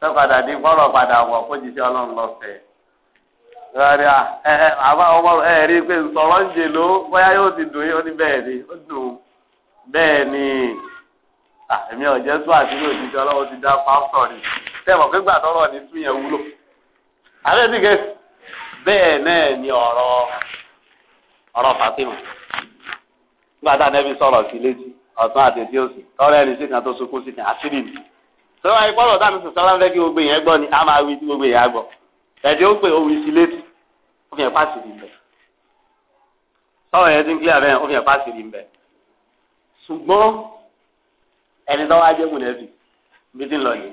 tó padà di padà wọ̀ kó jíṣẹ́ ọlọ́run lọ́sẹ̀ẹ́. lọ́rí à ah àbá ọmọ ẹ pé sọ̀rọ̀ ń jè ló bóyá yóò ti dùn ní bẹ́ẹ̀ ni ó dùn bẹ́ẹ̀ ni ọ̀jẹ́ àti òjijì ọlọ́wọ́ ti dá pásítọ̀ ni pé gbà ní tún yẹn wúlò ti gẹ̀ bẹ́ẹ̀ náà ni ọ̀rọ̀ ọ̀rọ̀ Fatima nígbà tá a sọ̀rọ̀ sí létí àti òsì ẹni sí kan tó sunkún sí kan gbogbo tẹ̀dí ó pè òwì sí létí ó fi hàn pàṣẹ rí mbẹ sọ̀rọ̀ yẹn ti ń kílẹ̀ bẹ́ẹ̀ ó fi hàn pàṣẹ rí mbẹ ṣùgbọ́n ẹni tó wá jẹ́ mùlẹ́bí bí ti ń lọ yìí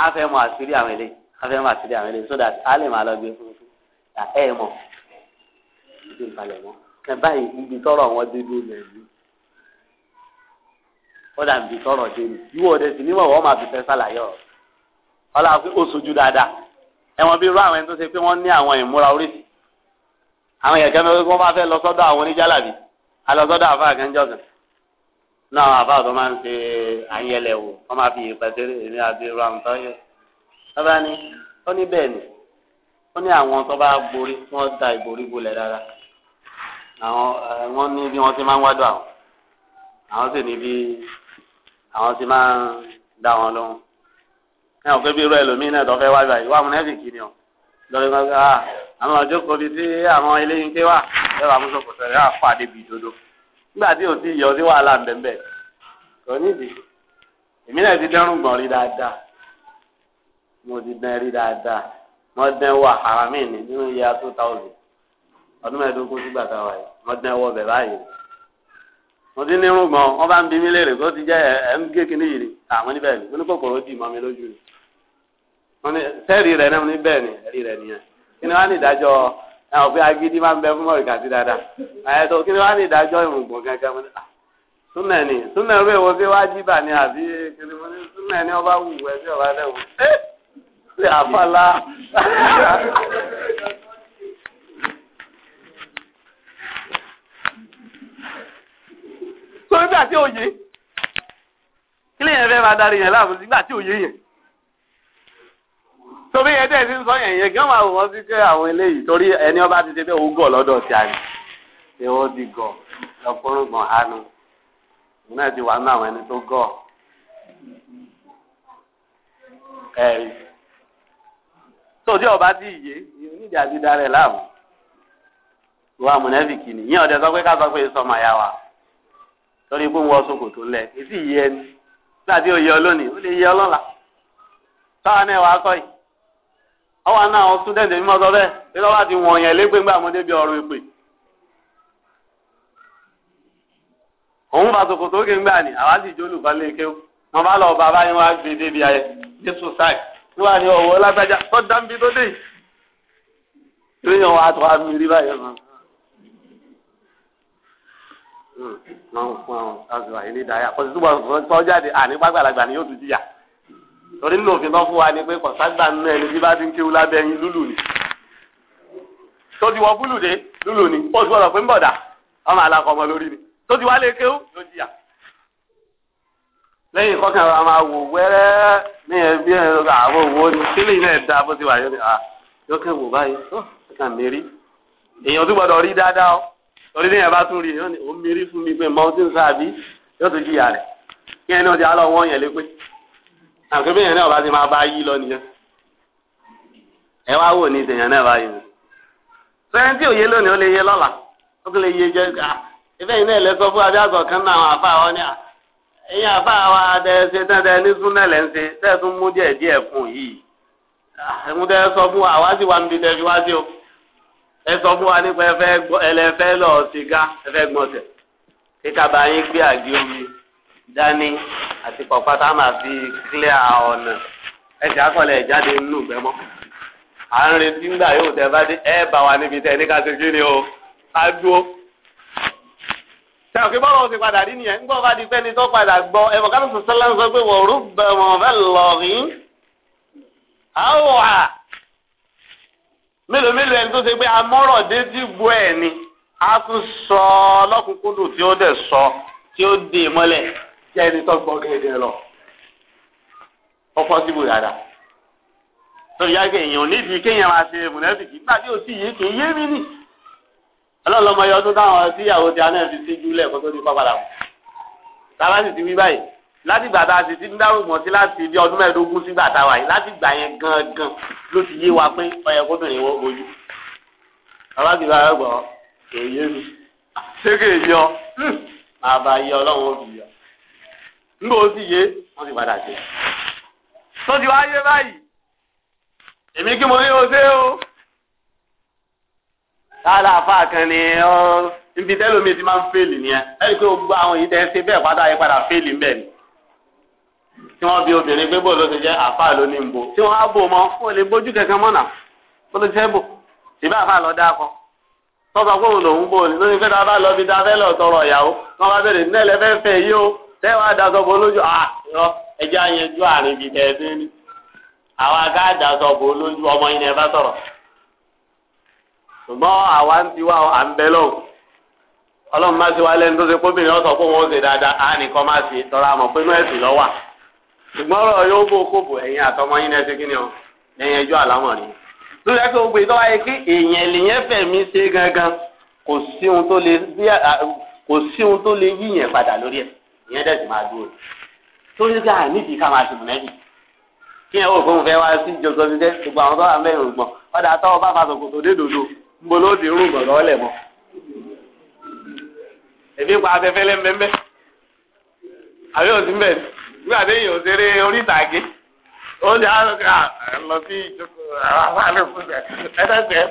á fẹ́ mọ àṣírí àwọn eléyìí á mọ àṣírí àwọn so that á lè máa lọ gbé fún un ẹ ẹ mọ̀ ìdí ìbalẹ̀ mọ́ ẹ báyìí ibi tọrọ wọn dé dé lẹ́yìn ó dà níbi tọrọ dé ni ìwọ ọdẹ sì níwọ̀ wọ́n máa fi fẹ́ sálàyé ọ̀rọ̀ ọlá pé ó sojú dáadáa ẹwọn bí irú àwọn ẹni tó ṣe pé wọn ní àwọn ìmúra oríṣi àwọn yẹn kẹmẹ wọn bá fẹ́ lọ sọ́dọ̀ àwọn oníjàlábí alọsọdọ àfa àkànjọsìn náà àwọn àfa tó máa ń ṣe àyẹlẹ wò wọn máa fi ìpẹtẹrẹ èmi àti irú àwọn tọyọ lọba ni ó ní bẹ́ẹ̀ ni ó ní àwọn tó bá borí tí wọn da ìborí bolẹ̀ dára àwọn eh, wọn ní bí wọn ti máa ń wádùn àwọn àwọn sì ní bí àwọn ti máa ń dá wọn lóhùn ẹ ò fẹ́ bí irú ẹlòmíín náà tó fẹ́ wá ibà ìwà amúnẹ́bìkì ni ọ lórí gbọ́ngàn à ah, àwọn ọjọ́ kọbi tí àwọn eléyìí ké wà ẹ bá mọ́tò kọ̀tọ̀ rẹ̀ àfọ àdébì ìdodo nígbà tí o ti yọ sí wàhálà ńbẹ̀ńbẹ̀ kò ní ìdí èmi náà ti dẹ́rùn gbọ̀n rí dáadáa mo ti dẹ́ rí dáadáa mo dẹ́ wà àràmì ní nínú iye two thousand ọdún mẹ́ẹ̀ẹ́dógún sígbà táwa yìí mo dẹ́ wọ bẹ̀ báyìí mo ti ní irun gbọ̀n wọ́n bá ń bí mi léèrè kó ti jẹ́ ẹ̀ ń gé kinní yìí àwọn níbẹ̀ ní kókòrò dì mọ́ mi lójú rẹ̀ wọ́n ní sẹ́ẹ̀rì rẹ̀ náà ní bẹ́ẹ̀ ni ẹ̀rí rẹ̀ nìyẹn kí ni wọ́n á ní ìdájọ́ ẹ̀ ọ̀pẹ agídí máa ń bẹ fún mọ̀ríkà sí dáadáa àyẹ̀tọ̀ kí ni wọ́n á ní ìdájọ́ ìmùgbọ̀n gangan mọ́ ah, súnà ni súnà rẹ̀ wo sí wájibà ni àbí kiri mo ni ọba wù wẹ́ sí ọba lẹ́wọ̀ ẹ́ ṣe àfàlà. sọ nígbà tí òye kí lè yẹn fẹ́ máa darí yẹn láàbùsí nígbà tí òye yẹn torí ẹdẹ ti ń sọ yẹn yẹn gán máa wọ́n sí pé àwọn eléyìí torí ẹni ọba ti ṣe ó gọ̀ lọ́dọ̀ sí àná ìwọ di gọ̀ lọ́kùnrùngbọ̀n hánú náà ti wà ní àwọn ẹni tó gọ̀ ẹ̀rí tòdí ọba ti yé onídìí àdídá rẹ̀ láàmú wa mùnẹ́fìkì ni yín ọ̀dẹ sọ pé ká sọ pé sọmọ àyà wa torí pé ń wọ ṣòkòtò ńlẹ̀ èsì yé ẹni láti òye ọlọ́ni ó lè yé ọlọ́la táwọn náà wàá kọ́ yìí ọwọ́ àná àwọn student mi sọ bẹ́ẹ̀ bí wọ́n bá wọ̀n yẹn lé gbégbá àwọn débi ọ̀rọ̀ ìpè. òun bá sokoto ké ńgbà ni àwa sì jó olùkọ́lé kéwù wọn bá lọ bàbá yẹn wá gbé débi ayẹ jésù sáì níwà ní ọ̀wọ́ lágbájá tó dáńbí tó dé yìí yóò wá tó mi rí báyìí mọ́. Hmm, máa ń fún àwọn sáàsì wáyé ní ìdáyà kọ́sítúbọ̀ sọ́jáde àní pàgbàlagbà ni yóò tún jìyà torí nínú òfin náà fún wa ni pé kọ̀ságbà nínú ẹni tí bá ti ń kéwu lábẹ́ yín lúlù ni tó ti wọ búlù dé lúlù ni ó ti wọ́n lọ pé ń bọ̀dà ọmọ àlàkọ̀ ọmọ lórí ni tó ti wá lè kéwu ló jìyà lẹ́yìn kọ́kàn ra máa wò wẹ́rẹ́ ní ẹbí ẹ̀rọ àwọn òwò ni sílẹ̀ iná ẹ̀dá bó ti wà yọ ni à wò báyìí ó kàn mérí èèyàn tún gbọdọ̀ rí dáadáa ó torí ní ẹ̀bá tún rí yọ ni ó mérí fún mi pé mountain sáà bí yóò tún jìyà rẹ̀ kí ẹni ọjà àgbẹ̀ bẹ́ẹ̀ náà bá ti máa bá yí lọ nìyẹn ẹ wá wò ní ìdènyàn náà báyìí ni sẹ́yìn tí òye lónìí ó lè yé lọ́la ó tún lè yé jẹ́ à ìfẹ́ yìí náà lè sọ fún abíàgọ̀ kan náà àwọn àfa àwọn ní à ẹ̀yin àfa àwa tẹ ṣe tán tẹ ní sún náà lẹ́ ń ṣe tẹ́ ẹ̀ tún mú díẹ̀ díẹ̀ fún yìí ẹ̀hún tẹ́ ẹ sọ fún wa àwa sì wà níbi tẹ́ fi wá sí o ẹ sọ dání àti pọ̀pá tá a máa fi clear ọ̀nà ẹsẹ̀ akọ̀lẹ̀ jáde nínú ìgbẹ́ mọ́. à ń retí ńgbà yóò tẹ bá dé ẹ bá wa níbi tẹ ní ká ṣe kí ni o ká dúró. sẹ́wọ̀n kí bọ́lá òsì padà rí nìyẹn ńgbọ́ bá di pẹ́ni tó padà gbọ́ ẹ̀fọ́ ká ló sọ sọ́lá ń sọ pé wọ́n rú bẹ̀rọ̀ fẹ́ lọ́rìn. àwọ̀ à mélòó mélòó ẹni tó ṣe pé amọ́rọ̀ dé sí gbọ́ ẹ̀ ni a tún sọ ọlọ́kùnkúndùn tí ó dẹ̀ sọ tí ó dé mọ́lẹ̀ jẹ́ ẹni tó gbọ́ gẹ́gẹ́ lọ ọkọ síbò yàrá tó yá kí èèyàn nídìí kéèyàn máa ṣe mùnẹ́fìkì gbàdí òsì yìí kì í yé mi nì ọlọ́lọ́mọye ọdún táwọn síyàwó ti aná fi síjú lẹ́ẹ̀kọ́ tó ní pápádà wọn táwa sì ti wí báyìí láti gbà tá a sì ti ń dáhùn mọ́ sí láti bí ọdún mẹ́ẹ̀ẹ́dógún sígbà tá a wà yìí láti gbà yẹn gangan ló ti yé wa pé ọyẹ kóbìnrin wọ́n bojú aláàbí bá yọ gbọ́ kò yé mi ṣé kò yé ọ máa hmm. bá yẹ ọlọ́run ó fi yọ nígbà ó sì yé wọ́n ti padà ṣe. tó ti wá yé báyìí èmi kí mo ní o ṣe o. sáàlà àfa kan ni ọ ibi tẹ́lómi ti máa ń fèlì nìyẹn ẹ̀rí pé gbogbo àwọn yìí tẹ́ ṣe bẹ́ẹ̀ padà yí padà fèlì ń bẹ̀ ni. tí wọ́n bi obìnrin pé bóòlù ti jẹ́ àfa ló ní ń tí wọ́n á bò mọ́ ó lè bójú kankan mọ́nà ó lè ṣẹ́ bò síbẹ̀ àfa lọ dá kọ́ tọ́sọ̀ pé lòún bò ní lórí fẹ́ tá a bá lọ bí dáfẹ́ lọ tọrọ ìyàwó wọ́n tẹ́wọ́n àdàsọ̀bọ olójú àrọ ẹjẹ́ àyẹ̀jú àrùn ibi tẹ̀sí ni àwọn aká àdàsọ̀bọ olójú ọmọ yìí ni ẹ bá sọ̀rọ̀ ṣùgbọ́n àwa ń tiwá à ń bẹ lọ́wọ́ ọlọ́run má ti wá lẹ́nu tó ṣe pé obìnrin ọ̀sán fún wọn ó ṣe dáadáa á nìkan má ṣe tọ́ra àmọ̀ pé inú ẹ̀sìn lọ ṣùgbọ́n ọ̀rọ̀ yóò bó kòbò ẹ̀yin àtọmọ yín ẹ̀sìn kí ni ọ ẹ̀yin ẹjọ́ àlámọ̀ rí lórí ẹ̀kọ́ gbogbo ìtọ́ wáyé kí èèyàn lèyẹn fẹ̀mí ṣe gangan kò sí ohun tó lè yíyàn padà lórí ẹ̀ ìyẹn dẹ̀ sì máa dúró tó ní ká nídìí ká máa tìmù lẹ́yìn kí ẹ wò fún fẹ́ wá sí ìjọsọ ti dẹ́ gbogbo àwọn tó wà mẹ́rin ògbọ́n ọ̀dà tọ́wọ́ bá fàṣọ kòtò dédòdò ń bo ló ti rún gbọ̀ngàn ọ̀lẹ̀ mọ́. èmi pa afẹ́fẹ́ lẹ́mẹ́mẹ́ àbí òsì ń bẹ̀ nígbà téèyàn ò ṣeré orí ìtàgé ó ní àlọ́kà lọ sí ìjọsọ àwọn àlọ́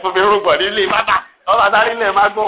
fún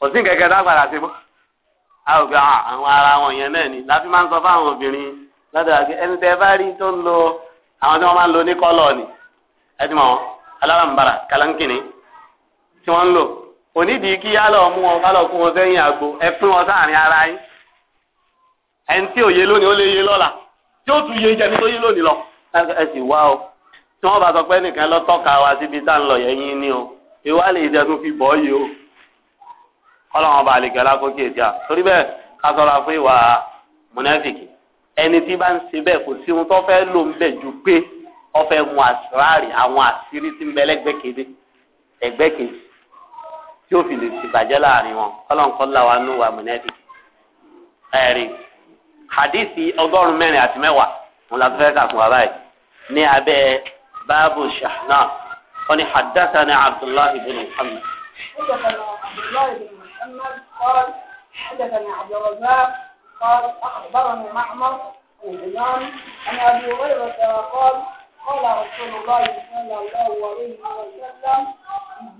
kò sí kẹ̀kẹ́ dágbàrà sí mọ́ a ò gbé àwọn ara wọn yẹn náà ni láti máa ń sọ fáwọn obìnrin lọ́dọ̀ àgbẹ̀ ẹni tẹ́ bá rí tó ń lo àwọn tí wọ́n máa ń lo ní kọ́lọ̀ ni ẹ ti mọ̀ wọn alárànbarà kalankini tí wọ́n ń lò onídìí kí yálà ọmú wọn kálọ̀ kó wọn sẹ́yìn àgbo ẹ pín wọn sáàrin ara yín ẹni tí òye lónìí ó lè yé lọ́la tí ó tún yé jẹ́ni tó yé lónìí lọ ẹ sì wá o tí wọ́n bá sọ pé nìkan lọ́tọ́ka wa síbi tá à ń lọ yẹn yín ni o ìwálè ìjẹun fi bọ́ yìí o kọ́lọ́wọ́n bá àlejò alákòókè ìjà torí bẹ́ẹ̀ ká sọ́ra fún ìwà mùnẹ́fìkì ẹni tí bá ń ṣe bẹ́ẹ̀ kò sí ohun tó fẹ́ lò ń bẹ̀ ju pé ó fẹ́ mu àṣírárì àwọn àṣírí tí ń bẹ lẹ́gbẹ̀kejì ẹgbẹ́kejì tí ó fi lè ti bàjẹ́ láàrin wọn kọ́lọ́wọ́n kọ́lá wa nù wà mùnẹ́fìkì ẹ̀rí hadithi ọgọ́rùn-ún mẹ́rin àti mẹ́wàá wọn la fẹ́ kà محمد قال حدثنا عبد الرزاق قال أخبرني معمر الإمام عن أبي هريرة قال قال رسول الله صلى الله عليه وسلم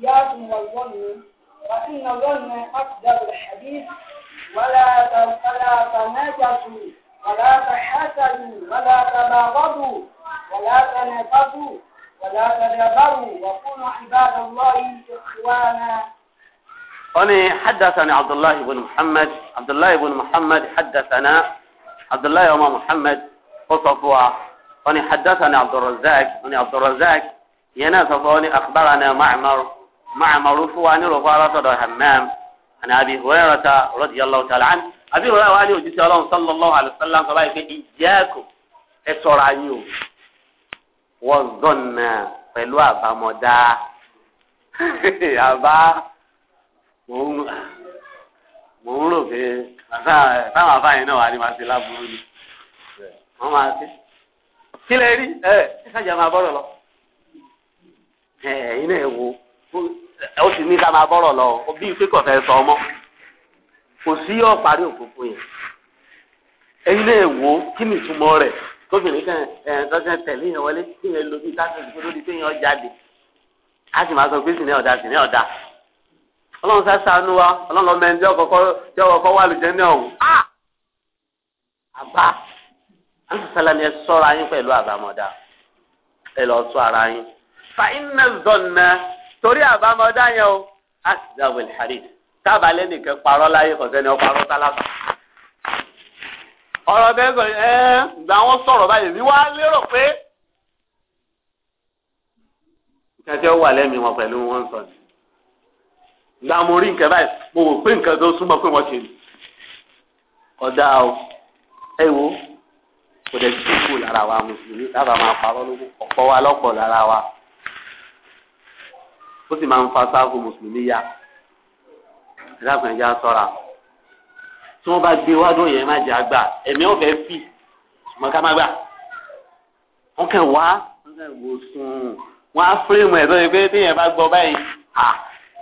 إياكم والظن فإن الظن اقدر الحديث ولا فلا تناجسوا ولا تحاسدوا ولا تباغضوا ولا تنافسوا ولا تدابروا وكونوا عباد الله إخوانا أني حدثنا عبد الله بن محمد عبد الله بن محمد حدثنا عبد الله بن محمد وصفوا أني حدثنا عبد الرزاق أني عبد الرزاق ينصف أني أخبرنا معمر معمر فواني رفارة همام عن أبي هريرة رضي الله تعالى عنه أبي هريرة وأني وجدت الله صلى الله عليه وسلم فلا يقول إياكم إسرعيو والظن فلوا فمدا أبا òun mò ń rò pé táwọn afáàyàn náà wà ní màá ṣe láburú ni wọ́n máa ṣe kí lè rí ẹ ṣáàjà máa bọ́rọ̀ lọ ẹ ẹ̀yin náà wo ó sì ní ká máa bọ́rọ̀ lọ bí ife kò fẹ́ sọ ọmọ kò sí yóò parí òfófó yẹn ẹ̀yin náà wo kí ni ìtumọ̀ rẹ̀ tóbìnrin kan ẹ̀ tọ́jú tẹ̀lé yẹn wọlé kí yẹn lo bí táṣà ìdúró lórí pé yẹn ọ jáde á sì máa sọ pé sì ní ọ̀dà sì ní ọ̀dà ọlọ́run sá sànú wa ọlọ́run lọ́mọ ẹni tí ọkọ̀ wà lùjẹ́ ní ọ̀hún. Ah! àbá àǹtísálà ni ẹ sọ́ra yín pẹ̀lú àbámọ́dá ẹ lọ sọ ara yín. fa iná zọ̀nà torí àbámọ́dá yẹn o a sì dá wẹ̀lì hadith tábàlẹ́ nìkan parọ́ láyé kọ̀ọ̀tẹ́ ni ọ parọ́ tálábà. ọ̀rọ̀ bẹ́ẹ̀ kọ́ ẹ gbà wọ́n sọ̀rọ̀ báyìí mi wá lérò pé. kẹ́kẹ́ wà lẹ́mìí wọn pẹ̀lú wọn sọ̀rọ̀ gba mo rí nǹkan báyìí mo wò pé nǹkan tó súnmọ́ pé wọ́n ṣe ni ọ̀dà o ẹ wo kò dẹ̀ sí kú lára wa mùsùlùmí lábàá máa parọ́ lóko ọ̀pọ̀ wa lọ́pọ̀ lára wa ó sì máa ń fa sáàkù mùsùlùmí ya ìdáàbòyàn já sọ́ra tí wọ́n bá gbé wádùn yẹn má jẹ́ àgbà ẹ̀mí ọ̀fẹ́ fì ṣùgbọ́n ká má gbà wọ́n kàn wá wọ́n kàn wò sùn wọ́n á fúrèmù ẹ̀ tó yẹ pé téèyàn bá gbọ́ báyìí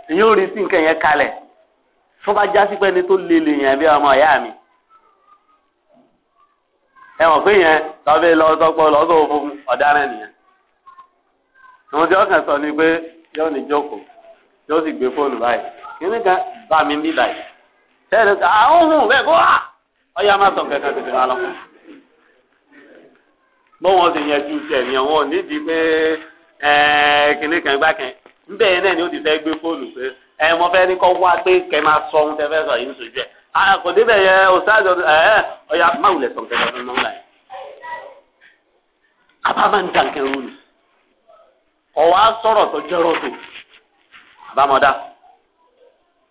ìyẹn ò rí sí nǹkan yẹn kalẹ̀ tó bá já sí pé ẹni tó lele yẹn bí ọmọ ìyá mi ẹ mọ̀ pé yẹn tọ́bí lọ tọ́pọ̀ lọ́dọ̀ ọ̀daràn nìyẹn àwọn tí wọ́n kàn sọ ni pé yóò ní jókòó yóò sì gbé fóònù báyìí kíní kan bá mi bí báyìí sẹ́yìn ló ah, sọ àwọn ohun bẹ́ẹ̀ kó wà ọ̀yà má sọ kankan tètè má lọ. bó wọn sì yẹn ju tiẹ̀ nìyẹn wọn nídìí pé kíní kan gbá kan nbẹ̀ yẹn náà ni ó ti fẹ́ gbé fóònù pé ẹ mo fẹ́ ní kọ́ wá pé kẹ́ máa sọ ohun tẹ́ fẹ́ sọ yìí ń sojú ẹ̀ kò débẹ̀ yẹ ọ̀sáàjọ ẹ̀ ọ̀yà má wulẹ̀ sọ̀ nkẹ́kẹ́ fún nọ́ńlá yẹn. àbá máa ń da nǹkan ni ọ̀wá sọ̀rọ̀ tó jẹ́rọ̀ tó àbámọ́dá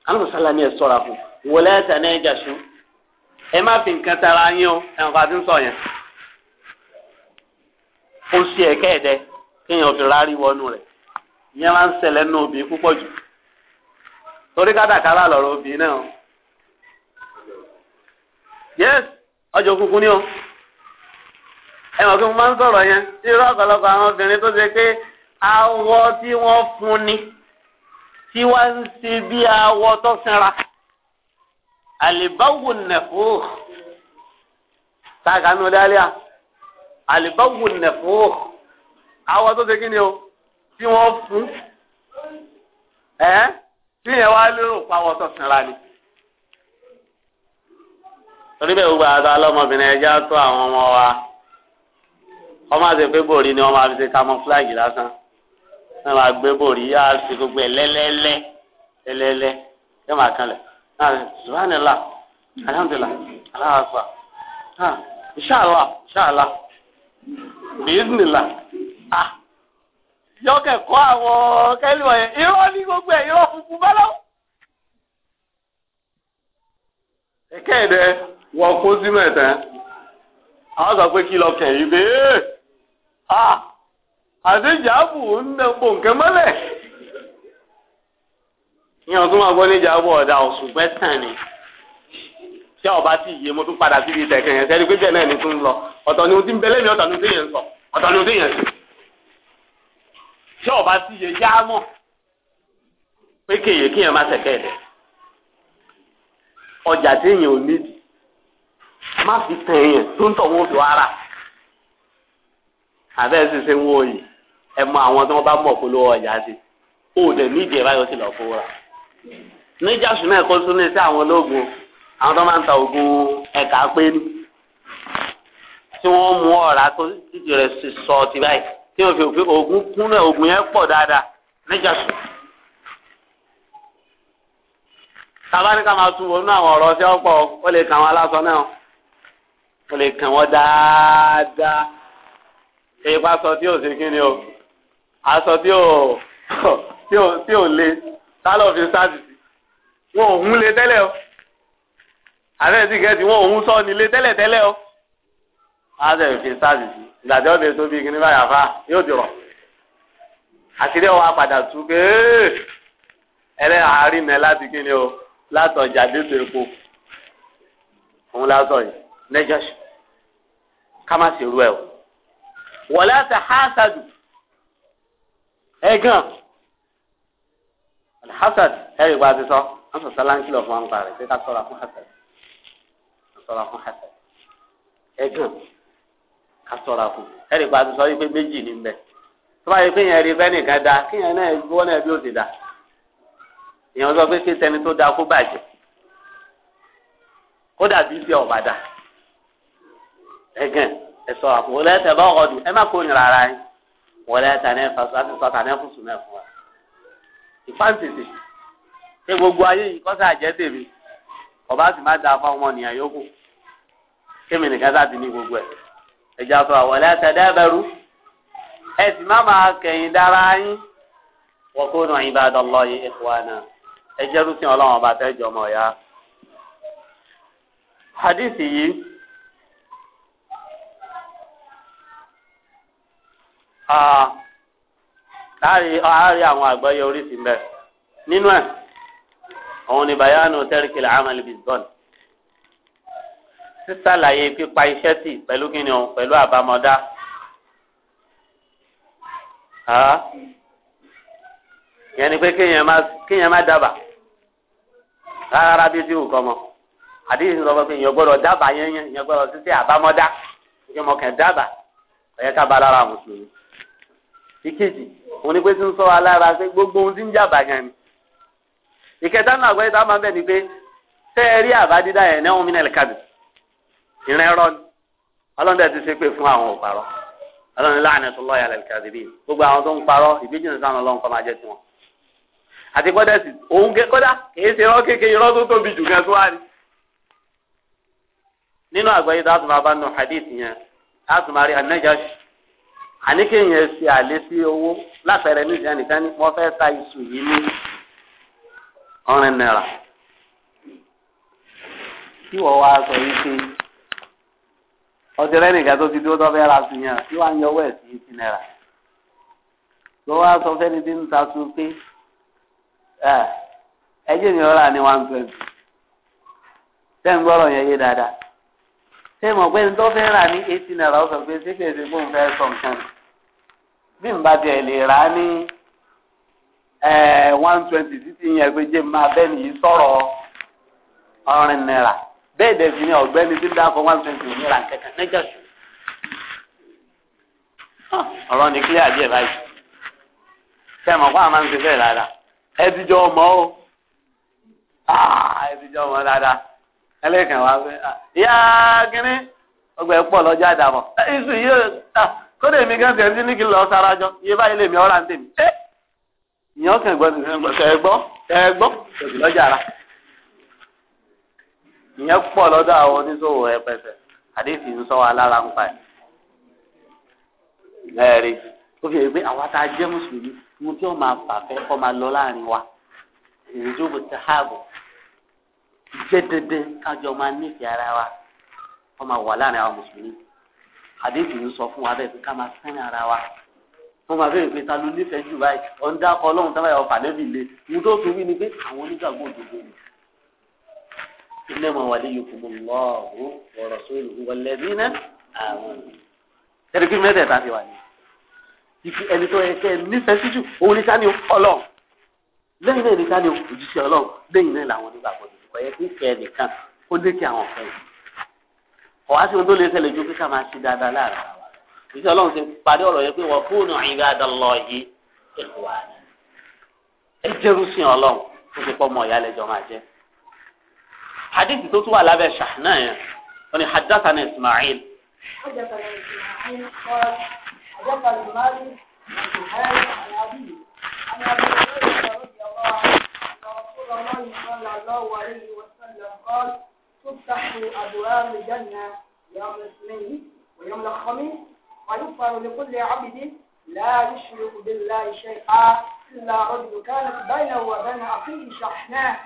alùsàlà ni ẹ sọ̀ra fún wọlé ẹ̀sẹ̀ ní ẹ̀jà sùn ẹ má fi nǹkan tara yín o ẹ̀ ń ti ń sọ yẹn ó ṣe ẹ̀kẹ́ ẹ̀dẹ kéèyàn fi rárí wọnú rẹ̀ ìyẹn máa ń ṣẹlẹ̀ nínú obì púpọ̀ jù torí kátàkárà lọ̀rọ̀ obì náà yes ọjọ́ kúkú ni o ẹ mọ̀ pé mo máa ń sọ̀rọ̀ yẹn tí irú ọ̀pọ̀lọpọ̀ àwọn obìnrin tó ṣe pé awọ tí wọ́n fún ni tí wọ́n ń ṣe bí awọ tó sinra àlìbáwò nẹ̀fó tá a kà ń lọ dálé àlìbáwò nẹ̀fó awọ tó ṣe kí ni o tí wọ́n fún ẹ́ tí yẹn wá lérò pàwọ́ tó sinra ni. torí bẹ́ẹ̀ gbogbo àti alọ́mọbìnrin ẹja tó àwọn ọmọ wa ọmọ àti pé bòrí ni wọ́n máa fi ṣe camouflage lásán wọ́n máa gbé bòrí yá ṣe gbogbo ẹ̀ lẹ́lẹ́lẹ́ lẹ́lẹ́lẹ́ yóò máa kanlẹ̀ náà subhanallah alhamdulillah aláwọ̀ àgbà inshallah inshallah biiznillah ah. yọkẹ kọ àwọn kẹlíwọ yẹn irọ ní gbogbo ẹ irọ́ bala bá lọ. ìkéde wọn kó sínú àwọn sọ kí lọ kẹ̀ yìí bẹ́ẹ̀ à àdéjàbù mọ́lẹ̀. ìyẹn tún máa gbọ́ níjàbù ọ̀dà ọ̀sùn bẹ́tàn ọba ti yé mo tún padà sí ibi yẹn náà tún lọ ọ̀tọ̀ ni ti ń bẹ tí ọba ti yẹ yá mọ̀ pé kéèyàn kéèyàn má tẹ̀kẹ́ ẹ̀dẹ̀ ọjà téèyàn ò nídìí má fi tẹ̀ èèyàn tó ń tọ̀ wọ́n fi wá rà àbẹ́ẹ̀ sì ṣe ń wọ yìí ẹ mọ àwọn tí wọ́n bá mọ̀ polówó ọjà sí ó dẹ̀ nídìí ẹ̀ báyọ̀ sí lọ́ọ́ fowó rà níjà sùn náà kó tún ní sí àwọn ológun àwọn tó máa ń ta oògùn ẹ̀ka pé ní tí wọ́n mú ọ̀rá tó títì rẹ̀ sì sọ ti báyìí tí wọ́n fi òfin oògùn kún náà oògùn yẹn pọ̀ dáadáa níjà sùn. sábà ká máa tún wọnú àwọn ọ̀rọ̀ tí wọ́n ó lè kàn wọ́n aláṣọ náà ó lè kàn wọ́n dáadáa èyí sọ tí ò sí kíni o aṣọ tí ò tí ò tí ò le sálọ̀ fi sáàtì wọn ò hún le tẹ́lẹ̀ o àbẹ́ẹ̀ sì kẹ́sì wọn ò hún sọ́ọ́ ni le tẹ́lẹ̀ tẹ́lẹ̀ o á sẹ̀ fi sáàsì sí ìgbàdé ọ̀dẹ tó bí kíní báyà fá yóò dìrọ̀ àṣírí ọwọ́ apàdà tú pé ẹlẹ́ àárín mẹ́ láti kíni o látọjà dètò epo òun látọ̀ yìí nẹ́jọ́sì ká má sì rú ẹ̀ o wọ̀lẹ́ àti hásàdù ẹ̀gàn hasad ẹ̀rì gba ti sọ wọ́n sọ sọ́lá ń kìlọ̀ fún wọn parí pé ká sọ́ra fún hasad sọ́ra fún hasad ẹ̀gàn kásọ̀rọ̀ àkù ẹ̀rì pa àtúnṣe wípé méjì ní bẹ́ẹ̀ tó bá yẹ pé yẹn rí fẹ́nìkan da kíyẹn náà wọ́n náà bí o ti da èèyàn sọ pé kí tẹni tó da kó bàjẹ́ kódà bí iṣẹ́ ọ̀bà da ẹ̀gàn ẹ̀sọ̀ àkù wọlé ẹ̀tẹ̀ bá ọkọ̀ dùn ẹ má kó nira ara yín wọlé ẹ̀tẹ̀ náà fà sọ́ àti sọ́tà náà fún sùn náà fún wa ìfáǹtìtì ṣé gbogbo ayé yìí kọ́sà jẹ́ tèmi ọba sì má da fáwọn ọmọ nìyẹn yókù kémi nìkan sáà ti ní ẹja sọ àwọn ẹlẹ́tẹ̀ẹ́dẹ́bẹ̀rú ẹ sì má máa kẹ̀yìn dára yín wọ́n kó nù ibadallahi ikhwana ẹ jẹ́rú sí ọlọ́run ọba tẹ́jọ́ ọmọ ọ̀yá. hadith yìí láàárín àwọn àgbáyé oríṣi mbẹ nínú ẹ òun ni bayanu tẹ́ríkìlì amẹ́lì sísàlàyé pípa iṣẹ́ tì pẹ̀lú kíni o pẹ̀lú àbámọ́dá. yẹn ni pé kéèyàn má dábàá rárá bí tí nǹkan mọ àdéhùn sọ pé èèyàn gbọ́dọ̀ dábàá yẹn yẹn èèyàn gbọ́dọ̀ títí àbámọ́dá èèyàn mọ̀kàn dábàá ọ̀yẹ́ ká ba lára mùsùlùmí. ìkejì òun ni pé tí ń sọ wa pé gbogbo ohun tí ń jàbá yẹn ni. ìkẹta náà àgbẹ̀yẹ tá a máa bẹ̀ ni pé tẹ́ ẹ rí àbá yẹn náà ń mí náà lè kábìí. ìrìn ẹ̀rọ ni ti ṣe pé fún àwọn òparọ́ láàánú tó lọ́ọ̀yà gbogbo àwọn tó ń parọ́ ìbíjìnà sáwọn ọlọ́run kọ́ máa jẹ́ tiwọn. àti kọ́dà sí òun kọ́dà kìí ṣe irọ́ kékeré irọ́ tó tóbi jù gan tó wà ní. nínú àgbáyé tó a tún máa hadith yẹn a tún máa rí anájáṣi àní ṣe àlé sí owó sọ yìí ọtí rẹ nìkan tó ti dúró tó fẹ́ ra sí yẹn tí wàá ń yọwọ́ ẹ̀ sí ti náírà tó wá sọ fẹ́ni tí ń ta sun pé ẹjẹ́ mi ọ̀rà ní one twenty sẹ́yìn gbọ́rọ̀ yẹn yé dáadáa ṣé mọ̀ pé ní tó fẹ́ rà ní eighty náírà ó sọ pé ṣé kèsì kó ń fẹ́ sọ nǹkan bí n bá tiẹ̀ lè rà á ní one twenty títí yẹn pé jẹ́ máa bẹ́ẹ̀ nìyí sọ̀rọ̀ ọ̀rìn náírà. bẹ́ẹ̀ dẹ̀sí ni ọ̀gbẹ́ni tí ń dákọ̀ one twenty òmìnira kẹ̀kẹ́ nẹ́gẹ̀sù. ọ̀rọ̀ ni clear díẹ̀ báyìí ṣé ẹ̀ mọ̀ fún àmà ṣe bẹ́ẹ̀ dáadáa ẹ ti jọ ọmọ o ah, ẹ ti jọ ọmọ dáadáa ẹlẹ́kàn wá ah, ìyá kínní ọgbà pọ̀ lọ́jọ́ yìí ah, èmi gan tẹ̀sí ní kí n lọ sára jọ iye báyìí lèmi ọ̀rà ń tèmi ìyàn ìyẹn pọ̀ lọ́dọ̀ àwọn oníṣòwò ẹ̀pẹ̀sẹ̀ àdéhìí ń sọ wa lára ń pa ẹ̀. ẹ̀rí ó fi hàn pé àwa tá a jẹ́ mùsùlùmí mo tí ó máa fàfẹ́ kọ́ máa lọ láàrin wa èrè tó bò tẹ́ ààbò jẹ́ dandan kájọ máa nífẹ̀ẹ́ ara wa kọ́ máa wà láàrin àwọn mùsùlùmí àdéhìí ń sọ fún wa bẹ́ẹ̀ pé ká máa fẹ́ràn ara wa wọ́n máa bẹ̀rẹ̀ pé ta ló nífẹ̀ẹ́ jù báyìí ọ̀ndà kọ́ ọlọ́run tábàyà ọ̀fà ni pé àwọn onígbàgbọ́ إنما وليكم الله ورسوله والذين آمنوا ẹni pé mẹ́tẹ̀ẹ̀ta ti wà ní ìfi ẹni tó yẹ kẹ́ nífẹ̀ẹ́ sí jù òun ní sáni ọlọ́run lẹ́yìn náà ní sáni òjíṣẹ́ ọlọ́run lẹ́yìn náà làwọn onígbàgbọ́ kò yẹ kí ìfẹ́ nìkan ó dé kí àwọn ọ̀fẹ́ yìí ọ̀há sí ohun tó lè ṣẹlẹ̀ ju kíkà máa ṣe dáadáa láàrin àwọn òjíṣẹ́ ọlọ́run ti parí ọ̀rọ̀ yẹn pé wọ́n fóònù ibadallahi ikhwana ẹ jẹ́rú sí ọlọ́run ó ti pọ́ ọmọ ìyá lẹ́jọ́ máa jẹ́ حديث توتو على بها شحناء يعني حدثنا إسماعيل حدثنا إسماعيل قال حدثنا مالك عن سهيل عن أبي هريرة رضي الله عنه أن رسول الله صلى الله عليه وسلم قال تفتح أبواب الجنة يوم الاثنين ويوم الخميس ويغفر لكل عبد لا يشرك بالله شيئا إلا رجل كانت بينه وبين أخيه شحناء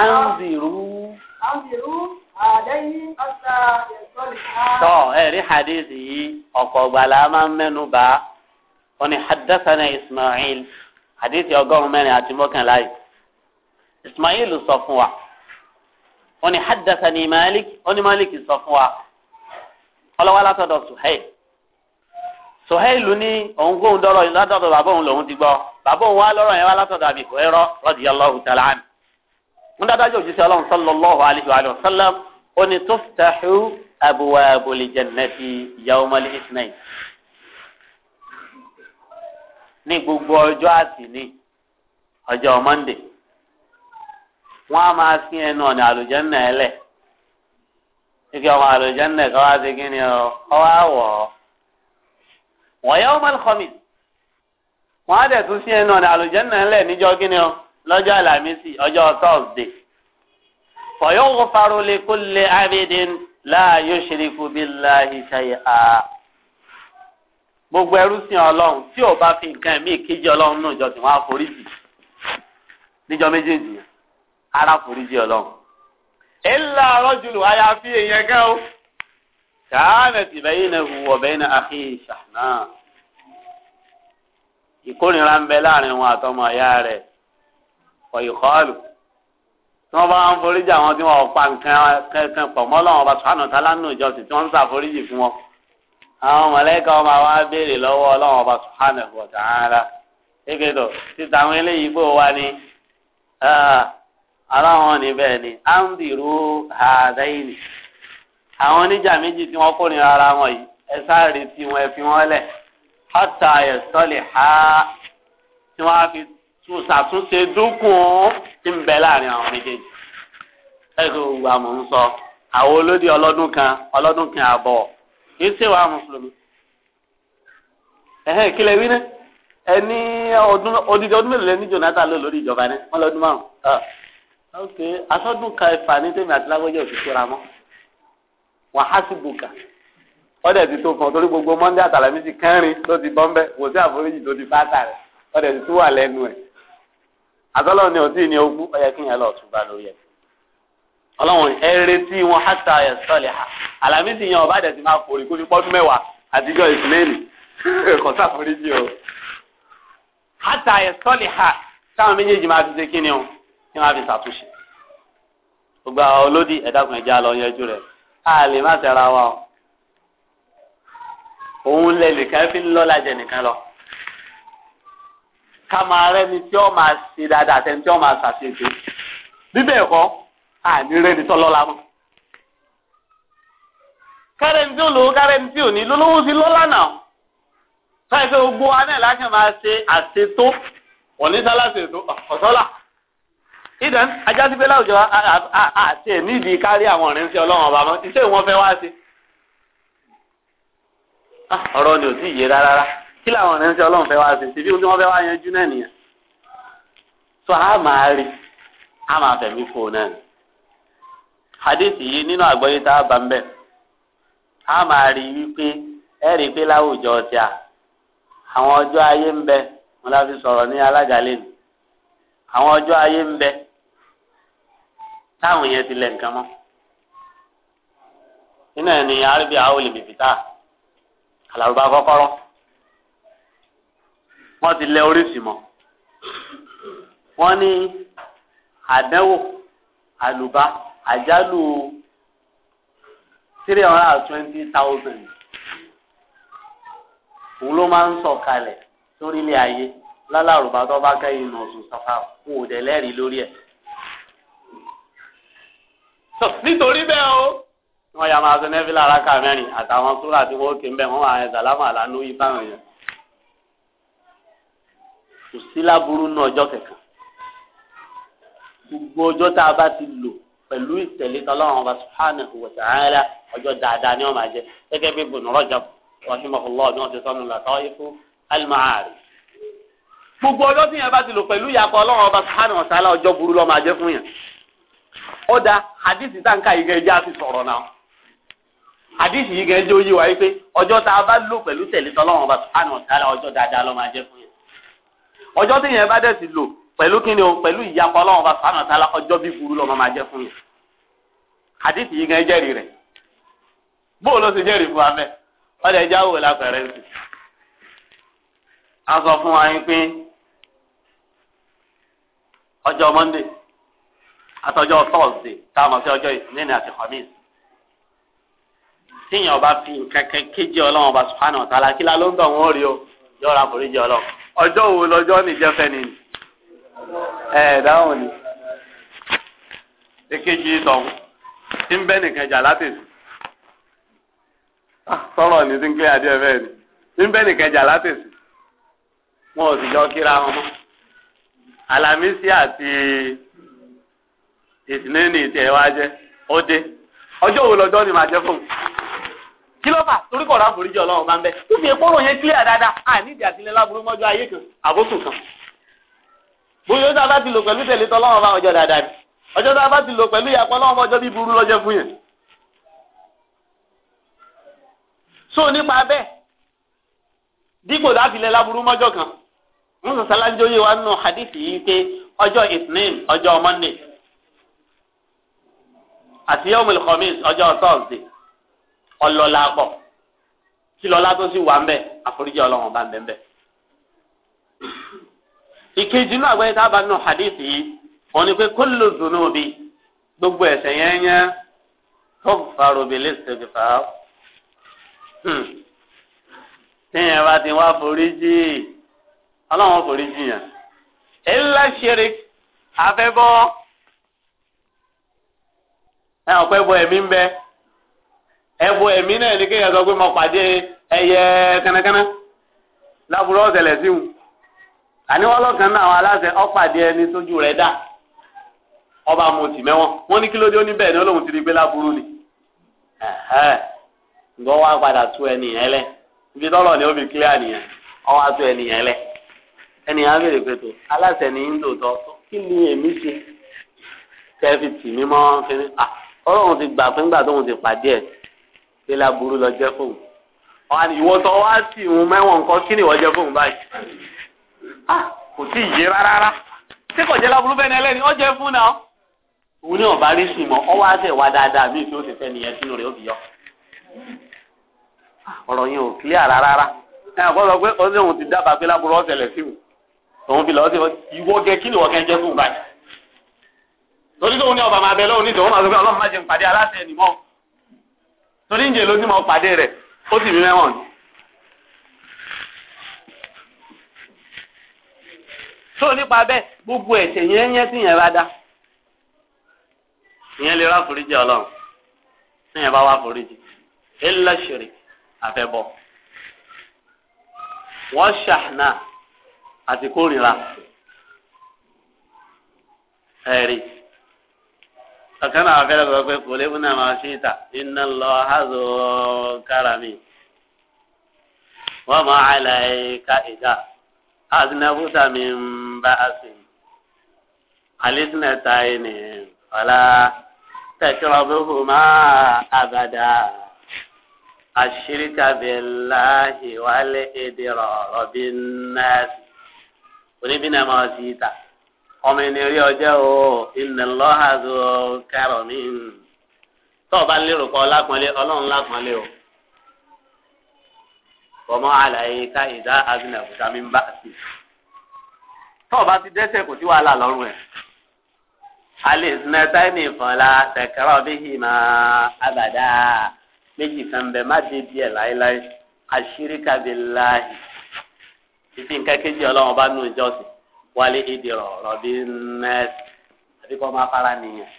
anziru. anziru àdéhìn ọ̀sà ẹ̀sọ́lì. tọ́ ẹ̀rí hadithi yìí ọ̀kọ̀ gbala máa ń mẹ́nu bá ó ní hadassana ismail hadithi ọgọ́rùn-ún mẹ́rin àti mọ́kànlá yìí ismail sọ fún wa ó ní hadassani malik ó ní malik sọ fún wa ọlọ́wọ́ látọ̀dọ̀ suhail suhail ní òun kóhun dọ́rọ̀ látọ̀dọ̀ bàbá òun lòun ti gbọ́ bàbá òun wá lọ́rọ̀ yẹn wá látọ̀dọ̀ àbí ẹ̀rọ radiyallahu ta'ala anhu. wọ́n dájú òjíṣẹ́ ọlọ́run sallallahu alayhi wa sallam ó ní tuftahu abwabul jannati yawmal ithnain. ní gbogbo ọjọ́ àtìní ọjọ́ mọ́ndé wọ́n á máa sí ẹnu ọ̀nà àlùjànnà ẹlẹ̀ ike ọmọ àlùjànnà kọ́ wá sí ọ wá wọ̀ wọ́n yawmal khamis wọn á dẹ̀ tún sí ẹnu ọ̀nà àlùjẹ́nà ńlẹ̀ níjọ́ gíní o lọ́jọ́ àlàmísì ọjọ́ tọ́sídẹ̀ fọyọ́ wọ farolẹ̀ kó lè abidin láàyò ṣèlékù bí láàyè ṣayẹ à. gbogbo ẹrú sìn ọlọ́run tí ò bá fi nǹkan ẹ̀mí ìkejì ọlọ́run náà jọ tí wọ́n á forí méjèèjì ara forí ọlọ́run. ìlà rọ́jùlù àyàfi èèyàn gẹ́ o. kàánà tìbẹ́yìn náà hùwọ̀ bẹ́yìn náà àkíyèsà náà ìkórìíra ń bẹ láàrin wọn àtọmọ ìyá rẹ̀ ọ̀yìnkọ́ọ̀lù tí wọ́n bá ń foríjì àwọn tí wọ́n pa nǹkan kankan pọ̀ mọ́ lọ́wọ́ bá sùhánù tálánù ìjọsìn tí wọ́n ń ṣàforíjì fún wọn àwọn mọ̀lẹ́kà wọn máa béèrè lọ́wọ́ ọlọ́wọ́n bá sùhánù ọ̀tá ara ẹgbẹ́dọ̀ títa àwọn eléyìí gbò wá ní aláwọn ah, níbẹ̀ ni áńdìrú àdáyìnì àwọn oníjà méjì tí wọ́n kórìíra ara wọn yìí ẹ sáré tí wọn ẹ fi wọn lẹ̀ hátà ẹ̀sọ́lẹ̀ ha tí wọ́n á fi tún ṣàtúnṣe dúnkùn tí ń bẹ láàrin àwọn méjèèjì. ẹ̀sùn ìwà mò ń sọ àwọn olódì ọlọ́dún kan ọlọ́dún kan àbọ̀ kì í ṣèwà mùsùlùmí. ẹ̀hẹ́n kílẹ̀ wí náà ẹni ọdún odidi ọdún mélòó lẹni Jonathan lò lórí ìjọba ni wọn lọdún márùn ah. ok asọdún ka ẹfà ní tèmi àti lágbọjọ òfin ṣe ra mọ wàhásù bùkà ọdẹ ti tó fún ọ torí gbogbo mọ́ndé àtàlámísì kẹrin ló ti bọ́ mbẹ́ kò sí àforíjì tó ti fáta rẹ̀ ọdẹ ti tó wà lẹ́nu ẹ̀ àtọ́lọ́ ni òtí ni ogún ọyẹ kí yẹn lọ túbà lórí ẹ̀ ọlọ́run ẹrẹ tí wọn hàtà ẹ̀ sọ́lẹ̀ ha àlámísì yẹn ọba àdẹ̀sí máa forí kó fi pọ́dún mẹ́wàá àtijọ́ ìsìlẹ́ẹ̀lì kò sáforíjì o hàtà ẹ̀ sọ́lẹ̀ ha táwọn méjèèjì máa fi ṣe kí ni o kí wọ́n á fi ṣàtúnṣe gbogbo àwọn olódì ẹ̀dá òun lẹ nìkan fi ń lọ́la jẹ nìkan lọ ká máa rẹni tí ó máa ṣe dáadáa àtẹni tí ó máa ṣàṣeyọrí bíbẹ̀ ẹ̀kọ́ àní rẹni tó lọ́la mọ́ kárẹ́ni tí ò lówó kárẹ́ni tí ò ní lólówó sí lọ́la náà sọ́yìn pé gbogbo wa náà láti máa ṣe àṣetó onísàlá ṣètò ọ̀sọ́là ìdán ajásígbélá òjò àti ẹ̀ nídìí kárí àwọn ọ̀rẹ́ ń ṣe ọlọ́run ọba mọ́ iṣẹ́ ìwọ́n fẹ́ wá ṣe. Ah, ọ̀rọ̀ ni ò tí ì yé rárá kí làwọn ọ̀rẹ́ ń ṣe ọlọ́run fẹ́ wá sí síbi tí wọ́n fẹ́ wá yanjú náà nìyẹn tó a máa rí a máa fẹ̀mí fò náà ni hadith yìí nínú àgbọ́yé tá a bá ń bẹ̀ a máa rí wípé ẹ rí i pé láwùjọ ti à àwọn ọjọ́ ayé ń bẹ wọn la fi sọ̀rọ̀ ní alága lẹ́nu àwọn ọjọ́ ayé ń bẹ táwọn yẹn ti lẹ̀ nǹkan mọ́ nínú ẹ̀ ní arábíà ó lè bìbìtà alárúbá kọ́kọ́rọ́ wọ́n ti lẹ oríṣi mọ́ wọ́n ní àdánwò àlùbá àjálù three hundred and twenty thousand òun ló máa ń sọ̀kalẹ̀ sórílẹ̀ ayé lálàrúbá tó bá kẹ́yìn nà ọ̀sùn sọ́fà fún òdẹ̀lẹ́rìí lórí ẹ̀. nítorí bẹ́ẹ̀ o wọ́n yà máa ṣe nẹ́fìlà rákà mẹ́rin àtàwọn súrà tí wọ́n kì í bẹ̀ wọ́n wà ẹ̀ sàlámà lánú yìí fáwọn èèyàn. kò sí láburú ní ọjọ́ kẹ̀kẹ́ gbogbo ọjọ́ tá a bá ti lò pẹ̀lú ìtẹ̀lé tọ́lọ́run ọba subhanahu wa ta'ala ọjọ́ dáadáa ni wọ́n máa jẹ gẹ́gẹ́ bí Ibn Rajab rahimahullah ni wọ́n ti sọnù Lataifu al-Ma'arif. gbogbo ọjọ́ tí yẹn bá ti lò pẹ̀lú ìyàpọ̀ ọlọ́run ọba subhanahu wa ta'ala burú ló máa jẹ fún yẹn. ó da hadith táǹkà yìí gẹ́gẹ́ já sí náà àdìsí yìí gẹ́gẹ́ ó yé wa wípé ọjọ́ tá a bá lò pẹ̀lú tẹ̀lé tọ́lọ́wọ́n bá sùn àná tààlà ọjọ́ dáadáa ló máa jẹ́ fún yẹn ọjọ́ tí yẹn bá dẹ̀ ti lò pẹ̀lú kíni o pẹ̀lú ìyapa ọlọ́wọ́n bá sùn àná tààlà ọjọ́ bí burú ló máa jẹ́ fún yẹn àdìsí yìí gẹ́gẹ́ jẹ́rìí rẹ̀ bóò ló ti jẹ́rìí fún wa mẹ́ ọ̀dà ẹja wò la fẹ̀rẹ̀ ń sìn a sọ fún wa yín pé ọjọ́ Monday àtọjọ́ Thursday táwọn ọ̀sẹ̀ ọjọ́ ìsinmi àti khamis téèyàn bá fi nǹkan kan kéjì ọlọ́run ọba subhanahu wa ta'ala kí la ló ń bọ̀ wọ́n rí o yọra kò rí jẹ ọlọ́run ọjọ́ wo lọ́jọ́ ní jẹ́fẹ́ ni ẹ̀ dáhùn ni èkejì tọ̀hún tí ń bẹ́ nìkan jà látẹ̀sí ah, sọ̀rọ̀ ní tí ń kílẹ̀ adé bẹ́ẹ̀ ni tí ń bẹ́ nìkan jà látẹ̀sí wọn ò sì jọ kíra wọn mọ́ alamisi àti ìsìnlẹ́ni ìtẹ̀wájẹ́ ó dé ọjọ́ wo lọ́jọ́ ni màá jẹ́ fún kí ló fà torí kọ̀ọ̀rọ̀ àforíjì ọlọ́run bá ń bẹ tó fi epo ròyìn clear dáadáa àìnídìí àtìlẹ́ láburú mọ́jú ayé kan àbókù kan bóyá ó sábà ti lò pẹ̀lú tẹ̀lé tọ́lọ́run bá ọjọ́ dáadáa ni ọjọ́ sábà ti lò pẹ̀lú ìyàpọ̀ ọlọ́run ọjọ́ bí burú lọ́jọ́ fún yẹn. so nípa bẹ́ẹ̀ dípò láfilẹ̀ láburú mọ́jọ́ kan ń sọ sálájóyè ọlọ́lá pọ̀ kí lọ́lá tó sì wà ń bẹ̀ àforíjì ọlọ́run bá ń bẹ̀ ń bẹ̀. ìkejì inú àgbáyé tá a bá nù hadith yìí wọn ni pé kullu dhunubi gbogbo ẹ̀ṣẹ̀ yẹn yẹn tughfaru bil istighfar hmm. tíyẹn bá ti wá foríjì ọlọ́run foríjì yẹn illa shirik afẹ́bọ́ ẹ̀ ọ̀pẹ́ bọ ẹ̀mí ń bẹ́ẹ̀. efu emi náà enike kéèyàn sọ pé mo pàdé ẹyẹ kẹ́nẹ́kẹ́nẹ́ láburú ọ̀sẹ̀lẹ̀ sí wọn. àníwọ́n lọ́kàn náà àwọn aláṣẹ ọ̀pàdé ẹni tójú rẹ̀ dà ọba mọ̀tì mẹ́wọ̀n wọ́n ní kí ló dé ó ní bẹ́ẹ̀ ni olóhùn ti di gbé ni. ǹgbọ́n wá padà tú lẹ ni ó fi kílíà nìyẹn ọ wá tú lẹ bèrè pé tó aláṣẹ ń dòótọ́ fi tì mí mọ́ fínní ọlọ́run ti gbà fún ìgbà ṣé láburú lọ jẹ́ fóun ọ̀hán ìwọ tó wá sí ìwọ̀n mẹ́wọ̀n nǹkan kí ni ìwọ jẹ́ fóun báyìí ah, kò tí ì yé rárá ṣé kò jẹ́ láburú bẹ́ẹ̀ ni ẹlẹ́ni ó jẹ́ fún náà òun ní ọ̀bá rí sùn mọ́ ọ wá tẹ̀ wá dáadáa míì tí ó ti fẹ́ nìyẹn sínú rẹ̀ ó fi yọ ah, ọ̀rọ̀ yẹn ò clear rárá ẹ̀ ọ̀gbọ́n sọ pé ó ní òun ti dábàá pé láburú ọ̀sẹ̀lẹ̀ sí òun òun fi lọ sí ìwọ gẹ kí ni ìwọ kẹ́ jẹ́ fún báyìí torí tóun ní ọba máa bẹ lóun torí ń jẹ lójú mọ́ pàdé rẹ̀ ó sì n'ipa mẹ́wọ̀n ni. tó nípa bẹ́ẹ̀ gbogbo ẹ̀ṣẹ̀ yẹn yẹn tí yẹn bá dá ìyẹn lè wá foríjì ọlọ́run tí yẹn bá wọ́n ṣàánà àti kórìíra ẹ̀rí. ọ̀kan náà fẹ́rẹ̀ sọ pé kò lébùn náà máa ṣe ìta iná lọ házò kárami wọ́n máa àìláì ká ìjà àdínàbùtà mi ń bá a sìn àlésìnà táyé ni ọ̀la tẹ̀síwọ́n bóbú máa àbàdà àṣírí kábílá ìwálé èdè rọ̀rọ̀ bí náà oníbínà máa ṣe ìta ọmọ ènìyàn rí ọjọ́ o inna Allaha zu karamin tọ́ọ̀ bá lérò kọ́ lápọ́nlé ọlọ́run lápọ́nlé o ọmọ àlàyé ká ìdá azinà òkúta mi ń bá sí i tọ́ọ̀ bá ti dẹ́sẹ̀ kò sí wàhálà lọ́rùn ẹ̀ alẹ́sìnẹ́tà ní ìfọ̀nla tẹ̀kẹ́rọ̀ bí hìmà abàdá méjì kan bẹ̀ má dé díẹ̀ láéláé àṣírí kàbí láàyè ìfi ọlọ́run bá nù ìjọsìn wálé ìdìrọ̀ rọ̀bì nẹ́ẹ̀sì àbí kọ́ máa fara nìyẹn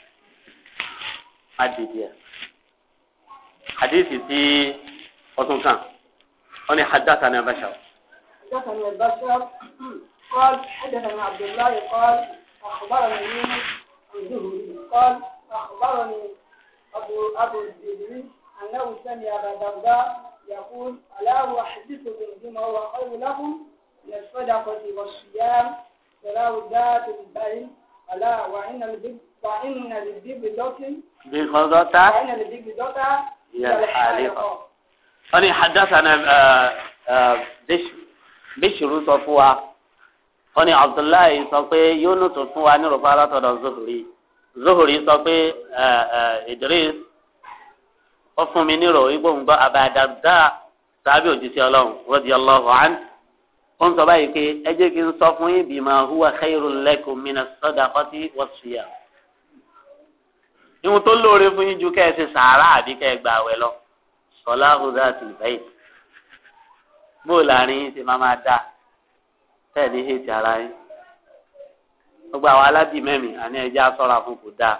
má dìde ẹ̀. àdéhìsì tí ọtún kàn wọ́n ní hadassah ní abáṣà. hadassah قال حدثنا عبد الله قال أخبرني يونس قال أخبرني أبو أبو الدريس أنه سمع أبا درداء يقول ألا أحدثكم بما هو خير لكم من الصدقة والصيام تراو ذات البين الا وان الذب وان الذب دوت بغضته وان الذب دوت يا حالقه فني حدثنا آه، آه، بش بش رطفوا فني عبد الله صفي يونس الفواني رفاله الزهري زهري صفي آه، ادريس ọfun mi níro igbóhùn gbọ abàdàdà sábì òjíṣẹ ọlọrun rọdí ọlọrun àǹtí ó ń sọ báyìí pé ẹ jẹ́ kí n sọ fún yín bima huwa khairul lakum minas sadaqati was-siyam. ìhun tó lóore fún yín ju kẹ́ ẹ ṣe sàárà àbí kẹ́ ẹ gbà wẹ̀ lọ sọlá húdà ti bẹ́ẹ̀ bó láàrin yín ṣe máa máa dá tẹ̀lé hẹ́tì ara yín gbogbo àwọn alábìmẹ́rin àní ẹja sọ́ra fún kò dáa.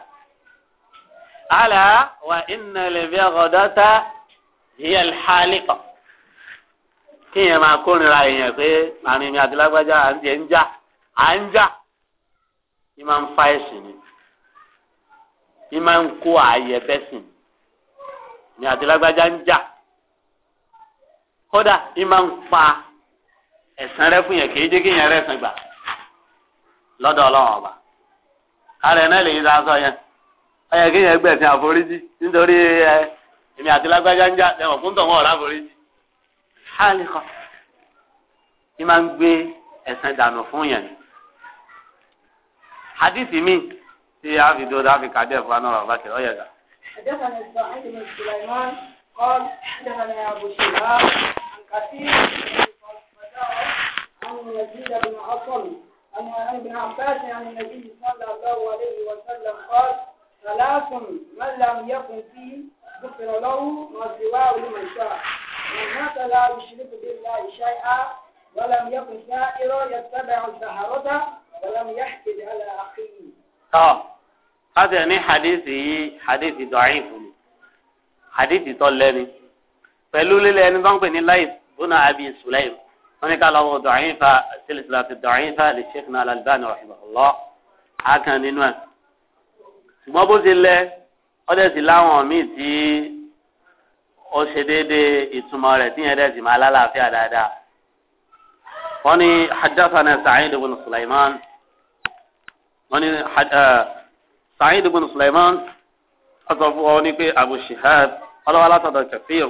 àlà wà ìnàlẹ̀ bí ọ̀gọ́dọ́ta yíyẹ lálẹ́ kan. kíyẹn máa kórìíra èèyàn pé àrùn ìmì àti lágbájá à ń jẹ ń já à ń já ní máa ń fa ẹ̀sìn ni ní máa ń kó ààyè bẹ́sìn ìmì àti lágbájá ń já kódà ní máa ń fa ẹ̀sán rẹ fún yẹn kì í jẹ́ gbà lọ́dọ̀ ọba kárẹ̀ náà sá xaalika ní máa ń gbé ẹ̀sán dànù fún yẹn hadithi mi tí a fi dúró dáa fi kàdé ẹ̀fọ́ náà rà bákẹ́ ọ̀yẹ̀ gà. حدثنا إسماعيل بن سليمان قال حدثنا أبو شهاب عن كثير عن يزيد بن عاصم عن ابن عباس عن النبي صلى الله عليه وسلم قال ثلاث من لم يكن فيه ذكر له ما سواه من شاء هناك لا يشرك بالله شيئا ولم يكن سائرا يتبع السهرة ولم يحسد على أخيه اه يعني حديثي حديث ضعيف حديث طلاني pẹ̀lú lílẹ̀ ẹni bá ń pè ní láì bóná abi sulaim wọn ní ká lọ́wọ́ dọ̀ọ́yìnfà sílẹ̀sílẹ̀ dọ̀ọ́yìnfà lè ṣe fún alalibani rahimahullah á nínú ẹ̀ ṣùgbọ́n bó ti lẹ ọdẹ sì láwọn míì tí ó ṣe déédéé ìtumọ̀ rẹ̀ tí yẹn dẹ̀ sì máa lálàáfíà dáadáa. wọ́n ní hadathana Sa'id ibn Sulaiman wọ́n ní eh, Sa'id ibn Sulaiman wọ́n sọ fún ọ ní pé Abu Shihab ọlọ́wọ́ látọ̀dọ̀ Kathir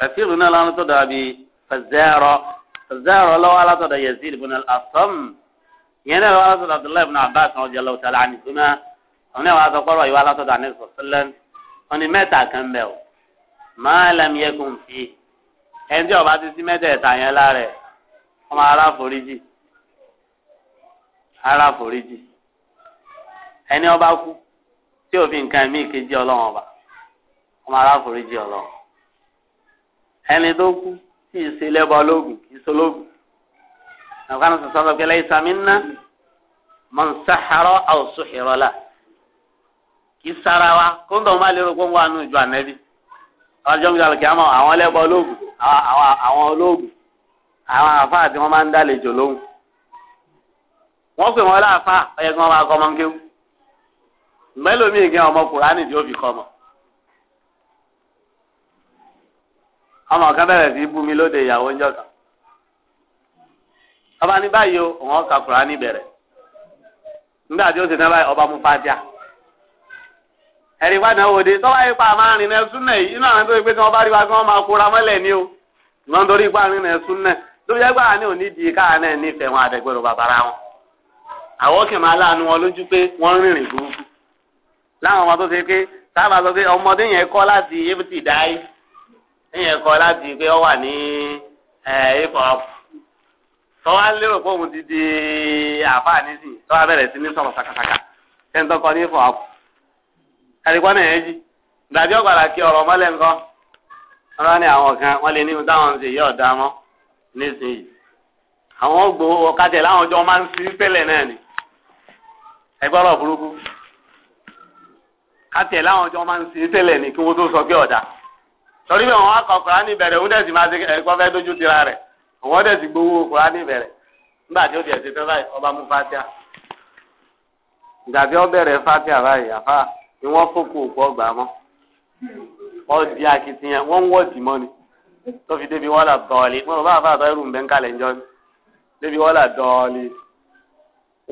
Kathir náà látọ̀dọ̀ àbí Fazara Fazara ọlọ́wọ́ látọ̀dọ̀ Yazid ibn al-Asam yẹn náà wàá sọ̀rọ̀ abdullahi ibn abbas radiyallahu ta'ala anhuma àwọn náà wàá sọ kọ́rọ̀ máa lẹ́mu yẹ́kùn fi ẹni tí ọba ti sí mẹ́tẹ̀ẹ̀ta yẹn lára ẹ̀ ọmọ ara foríjì ara foríjì ẹni ọba kú tí òfin nǹkan mí kejì ọlọ́run ọba ọmọ ara foríjì ọlọ́run ẹni tó kú tí ì ṣe lẹ́bọ lóògùn kì í ṣe lóògùn nàfààní sọ̀tàn sọ̀kẹ́ lẹ́yìn sàmínà mọ̀nsáhárọ́ àwòsùhìrọ́lá kì í sára wa kó ń tọ́ wọn bá lérò wà nù ìjọ ànẹ́bí ọjọ́ mi lálẹ́ kí á mọ̀ àwọn ẹlẹ́bọ̀ olóògùn àwọn olóògùn àwọn àáfàá tí wọ́n máa ń dálejò lóhùn wọ́n pè wọ́n láàfáà ọyẹ kí wọ́n máa kọ́ ọmọ ń kéwù mẹ́lòmíì gẹ́ ọmọ kùránì tí ó fi kọ́ ọmọ. ọmọ kan bẹ̀rẹ̀ sí bú mi lóde ìyàwó ńjọ́ kan ọba ní báyìí o òun ọkà kùránì bẹ̀rẹ̀ nígbà tí ó ti náà báyìí ọba mú fájà ẹ̀rí ìwádìí náà wòde tọ́wá yìí pa àmà rìn náà súnà yìí inú àwọn tó yẹ pé tí wọ́n bá rí wa kí wọ́n máa kóra mọ́lẹ̀ ni o ìmọ̀ nítorí ipa rìn náà súnà tó yẹ gbà ní òní di káà náà nífẹ̀ẹ́ wọn àdẹ́gbẹ̀rún bàbára wọn. àwọn kì máa láàánú wọn lójú pé wọ́n rìnrìn burúkú láwọn ọmọ tó ṣe pé táwọn máa sọ pé ọmọdé yẹn kọ́ láti ebiti dáì yẹn kọ́ láti pé ọ wà ní ifop tọ́wá lérò pé òun ti di àfáà nísìnyí tọ́wá bẹ̀rẹ̀ sí ní sọ̀rọ̀ sàkàsàkà kẹ́ńtọ́ kọ́ ní ifop àdìpọ́n náà yẹn dàbí ọ̀gbàrà kí ọ̀rọ̀ mọ́lẹ̀ ńkọ́ ọ̀rọ̀ ni àwọn kan wọ́n lè ní táwọn ṣe yí ọ̀dà mọ́ nísìnyí àwọn gbòó ọ̀kadẹ̀ láwọn ọjọ́ máa ń fi tẹ́lẹ̀ náà ni ẹgbọ́rọ̀ burúkú láwọn ọjọ́ máa ni kí wọ́n tó sọ pé ọ̀dà torí bí akọ Kùránì bẹ̀rẹ̀ òun dẹ̀ máa ti ẹ̀kọ́ fẹ́ dójú ọba ni wọ́n fòkù òkú ọgbà mọ́ wọ́n di akitiyan wọ́n ń wọ́ dì mọ́ ni tó fi débi wọ́n là dọ́ọ̀lì mo rò bá àbá àtọ́ irú nbẹ́ ń kalẹ̀ njọ́ ni débi wọ́n là dọ́ọ̀lì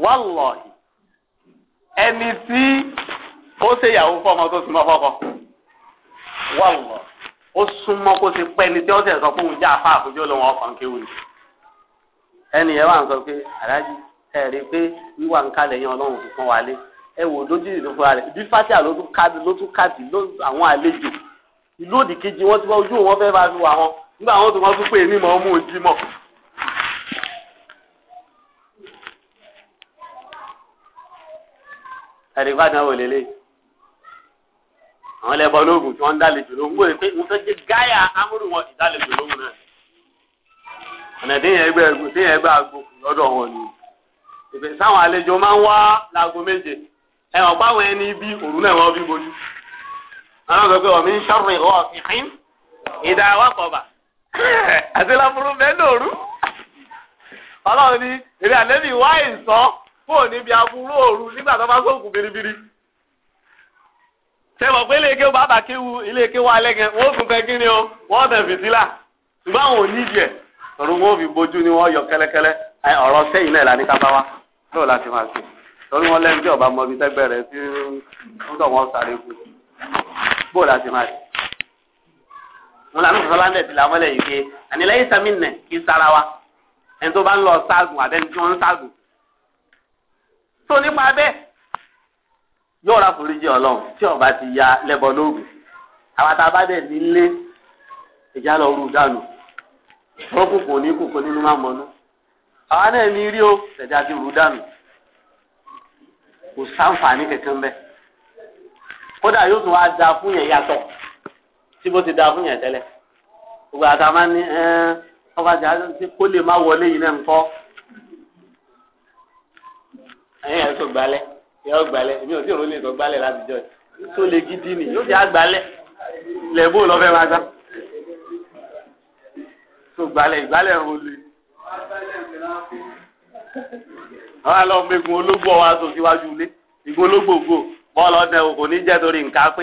wálọ̀hì ẹni tí ó ṣe ìyàwó fọmọ tó súnmọ́ fọ́kọ wálọ̀ ó súnmọ́ kó ṣe pẹ́ ni tí ó ṣẹ̀ sọ fún un jẹ́ àfa àfojú olóhùn ọkàn kéwù ni ẹni yẹn wà ń sọ pé aláàjì ẹ̀rí pé wíwà ń kalẹ̀ yẹn ọlọ́run fi fún wa lé ẹ wò lójú ìlú fúnra rẹ̀ bí fatia ló tún káàdì ló tún káàdì ló àwọn àlejò ìlú òdì kejì wọn ti wá ojú wọn fẹ́ẹ́ bá fi wà wọn nígbà wọn tó wọn tún pè é mímọ́ ọmú ojú mọ́. ẹ̀rí gbàdán wò lélẹ̀ àwọn ẹlẹ́bọ lóògùn tí wọ́n ń dálejò lóhùn wọ́n pé wọ́n fẹ́ jẹ́ gáyà amúrù wọn ìdálejò lóhùn náà ọ̀nà déyàn ẹgbẹ́ ẹgbẹ́ àgbò lọ́dọ̀ wọn ni ìpèsè àwọn àlejò máa ń wá láago méje. ẹ n'ibi ẹni òru náà wọ́n fi àwọn pé ọ̀mí ń ṣọ́rùn ìwọ ìdá àti bẹ́ẹ̀ lóru. ọlọ́run ní èrè ibi aburú òru nígbà tó bá sóògùn biribiri. sẹ́wọ̀n pé ilé kéwù bàbá kéwù ilé o wọ́n tẹ̀ fìtílà ṣùgbọ́n ọ̀run fi ni wọ́n yọ kẹ́lẹ́kẹ́lẹ́ ọ̀rọ̀ sẹ́yìn náà lá torí wọn lẹ́nu tí ọba mọ ibi sẹ́gbẹ́ rẹ̀ tí ń tọ̀ wọ́n sáré kú bó la ti máa ṣe. wọn lànà sọ́sọ́ láńdẹ̀ ti làmọ́lẹ̀ yìí pé ànílẹ̀ yìí sami nẹ̀ kí sara wa ẹni tó bá ń lọ ságùn àbẹ́ni tí wọ́n ń ságùn. tó nípa bẹ́ẹ̀ yóò ra foríjì ọlọ́run tí ọba ti ya lẹ́bọ lóògùn àwọn tá a bá dẹ̀ nílé ìjà lọ rú dànù ó kù ní kù nínú má mọ́nú àwọn náà ní rí o tẹ̀dá ti rú dànù kò sáǹfààní kankan bẹ́ẹ̀ kódà yóò tún wá da fún yẹn yàtọ̀ tí bó ti da fún yẹn tẹ́lẹ̀ gbogbo àtà máa ní ọbàjà kó lè má wọlé yìí náà ń kọ́ ẹ̀yìn ẹ̀ tó gbalẹ̀ yóò gbalẹ̀ èmi ò tí òun lè sọ gbalẹ̀ láti jọ tó lè gidi nì yóò jẹ́ àgbalẹ̀ lẹ́bù lọ́fẹ́ máa gbá tó gbalẹ̀ ìgbálẹ̀ òun lè wọn á lọ mọ egun ológbò wa sọ síwájú ilé igun ológbò gbò bọ́ọ̀lù ọdẹ òkò ní jẹ́ torí nǹkan pé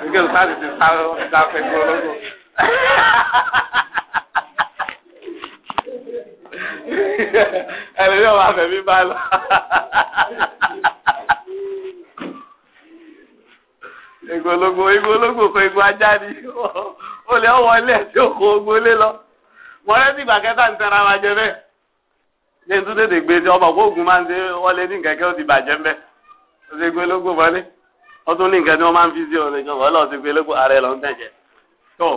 nígbà tó ti sáré nǹkan pé igun ológbò. ẹlẹ́yìn ọ̀la fẹ̀mí bá lọ. igun ológbò igun ológbò ajá ni ó lè wọlé ẹ̀sìn òkò ogun lé lọ. mọ̀lẹ́sì ìgbà kẹta ń tẹ̀ra wa jẹ ní tún tètè gbé sí ọmọ ògùn máa ń ṣe wọlé ní kẹ̀kẹ́ ó ti bàjẹ́ mbẹ́ ó ti gbé lógbò wọlé ó tún ní nǹkan tí wọ́n máa ń fi sí ọ̀rẹ́ ìjọba ọlọ́ọ̀ ti gbé lógbò ààrẹ lọ ń tẹ̀jẹ̀ tó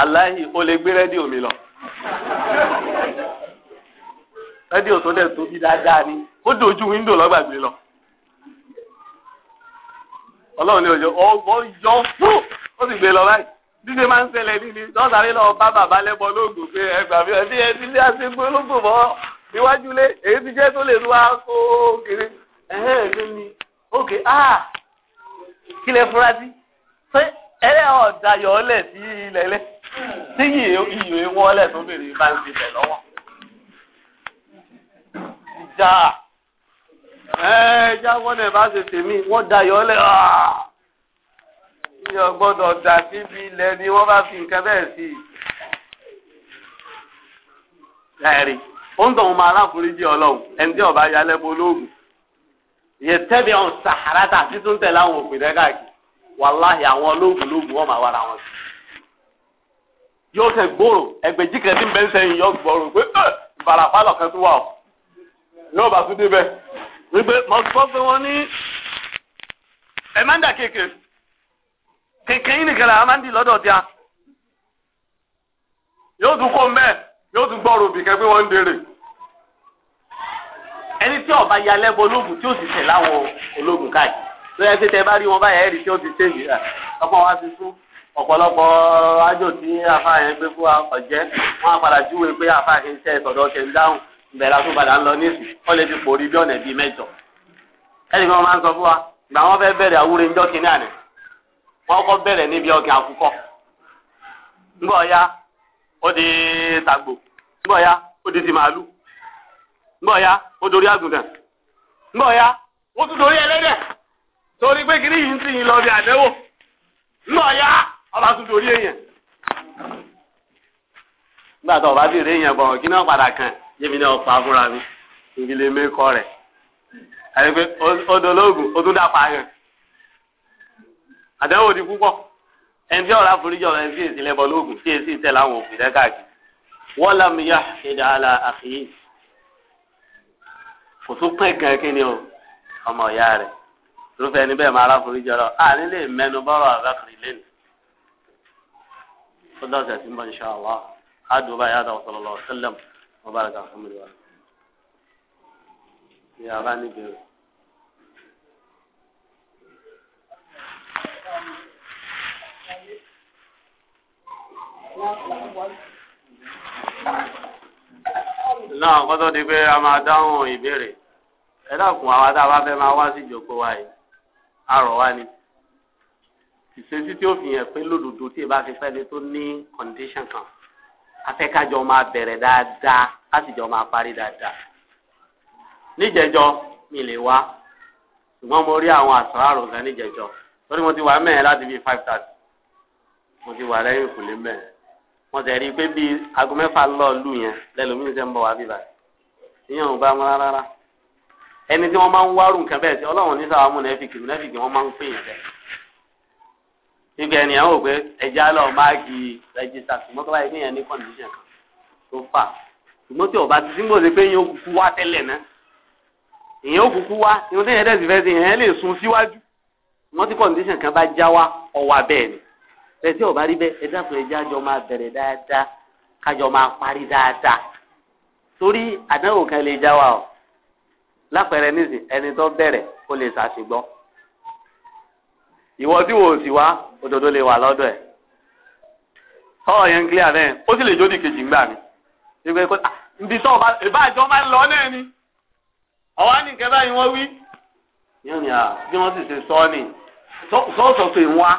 aláì ó lè gbé rédíò mi lọ rédíò tó dẹ̀ tóbi dáadáa ni ó dojú wíńdò lọ́gbàgbé lọ ọlọ́run ní ọjọ́ ọgbọ́n yọ fún ó sì gbé lọ báyìí dídé máa ń ṣẹlẹ̀ níbi lọ́sàárẹ̀ lọ bá bàbá lẹ́bọ lóògùn pé ẹgbà mi ẹbí ẹbí ilé àti gbólógbò mọ́ níwájú lé èyí ti jẹ́ tó lè lu aago kiri ẹ̀hẹ́ ẹ̀mí ni ókè áà ah, kí lẹ fura sí pé ẹ̀rẹ́ ọ̀dà yọ̀ọ́lẹ̀ sí ilẹ̀ lẹ̀ tí iyì ìwọ́lẹ̀ tó bèrè bá ń ṣe bẹ̀ lọ́wọ́ ìjà ẹ̀ẹ́dẹ́gbọ́n náà bá ṣe tèmi wọ́n dayọ̀ọ́lẹ̀ áà. Ah ní ọgbọ́dọ̀ dà síbi ilẹ̀ ni wọ́n bá fi nǹkan bẹ́ẹ̀ sí i. Ẹ̀rí ó ń tọ̀hún máa láforíjì ọlọ́run ẹni tí ọba yalẹ́ bo lóògùn. Ìyẹn tẹ́bi àwọn sàhárátà títún tẹ̀lé àwọn òpìdẹ́ káàkiri. Wàláhì àwọn olóògùn lóògùn wọ́n máa wára wọn sí. Yóò tẹ gbòòrò ẹgbẹ̀jì kan tí ń bẹ ń sẹ́yìn yọ gbòòrò pé ìbàràpá lọ̀kan tó wà ó. Yóò bá tún débẹ̀. Wípé mọ̀ kẹ̀kẹ́ yìí nìkan ndị máa ń di lọ́dọ̀ tí a yóò tún kó mbẹ́ yóò tún gbọ́ ròbì ń dèrè ẹni tí ọba ya lẹ́bọ ológun tí ó sì tẹ̀ lawo ológun káàkiri tó yẹ pé tẹ bá rí wọn báyà ẹ̀rí tí ó ti ṣèjì rà ọ̀pọ̀ wá ti sún ọ̀pọ̀lọpọ̀ ájò tí afá yẹn gbé fún ọ̀jẹ́ wọn padà júwe pé afá yẹn ṣe ìsọ̀dọ̀ ṣe ń dáhùn ìbẹ̀rẹ̀ àtúpadà ń lọ Ọkọ bẹrẹ bẹ̀rẹ̀ níbi ọ̀gẹ̀ akụkọ ńgbọ̀ ya ọ dị tagbo. ńgbọ̀ ya ọ di ti màálù ńgbọ̀ ya ọ ya tún torí pé kiri yìí ń lọ bí àdẹ́wò ńgbọ̀ ya bá tún dorí èèyàn. nígbà tó èèyàn kí náà padà kàn yémi náà fúnra mi pé àdánwò ni púpọ̀ ẹni tí ọ̀rá foríjì ọ̀rọ̀ ẹni tí èsì lẹ́bọ̀ lóògùn tí èsì tẹ̀ láwọn òfin rẹ̀ káàkiri wọ́n lámì yá ṣẹ̀dá ala àfihì kò tún pẹ́ gan kí ni o ọmọ ìyá rẹ̀ irúfẹ́ ẹni bẹ́ẹ̀ máa rá foríjì ọ̀rọ̀ à nílé mẹ́nu bọ́rọ̀ àbákiri lẹ́nu ó dọ̀sẹ̀ sí mọ́ insha Allah àdùbà yàtọ̀ sallallahu alaihi wasallam ọba rẹ̀ kà náà kó tó di pé a máa dáhùn ìbéèrè ẹ dákun àwa tá a bá fẹ́ máa wá sí ìjókòó wa yìí àrọ̀ wa ni ìṣesí tí ó fi hàn pé lòdòdó tí ẹ bá fi fẹ́ni tó ní condition kan afẹ́kájọ máa bẹ̀rẹ̀ dáadáa láti jọ máa parí dáadáa níjẹjọ mi lè wá ṣùgbọ́n mo rí àwọn àsọ̀rọ̀ kan níjẹjọ torí mo ti wà mẹ́ẹ̀ láti bíi five thirty mo ti wà lẹ́yìn ìkùlé mẹ́ẹ̀ wọn tẹ̀ rí i pé bíi aago mẹ́fà lọ́ọ̀lù yẹn lẹ́lòmíì ṣe ń bọ̀ wá bíbá ìyẹn ò bá mọ́ rárá ẹni tí wọ́n máa ń wárù nǹkan bẹ́ẹ̀ sí ọlọ́run ní sáwọn amúnẹ́fìkì múnẹ́fìkì wọ́n máa ń pè yẹn bẹ́ẹ̀ ibi ẹni àwọn òpè ẹja lọ máàkì rẹjísítà ṣùgbọ́n tó báyìí pé yẹn ní kọ́ndíṣàn kan tó fà ṣùgbọ́n tí ọba ti símbò sí pé yẹn ó kúkú wá tẹ́lẹ̀ náà ìyẹn ó kúkú wá ìwọ́n tẹ́yẹ dẹ́sì fẹ́ sí yẹn lè sun síwájú wọ́n tí kọ́ndíṣàn kan bá já wá ọwà bẹ́ẹ̀ ni tẹ̀sí ò bá rí bẹ́ẹ̀ ẹ̀dá fún ẹja jọ máa bẹ̀rẹ̀ dáadáa kájọ máa parí dáadáa torí àdánwò kan lè já wa o lápẹẹrẹ nísìn ẹni tó bẹ̀rẹ̀ kó lè ṣàṣìgbọ́ ìwọ tí wò ó sì wá òdodo lè wà lọ́dọ̀ ẹ̀ sọ̀rọ̀ yẹn ń clear bẹ́ẹ̀ ó sì lè jódì kejì ńgbà mi ìgbẹ́ kó ah, ibi tó ọba ìbáàjọ́ máa ń lọ náà ni ọ̀wá nìkẹ́ báyìí wọ́n wí. yóò ah, bí wọ́n sì ṣe sọ ọ́ nì sọ́ọ̀sọ̀ pé wọ́n á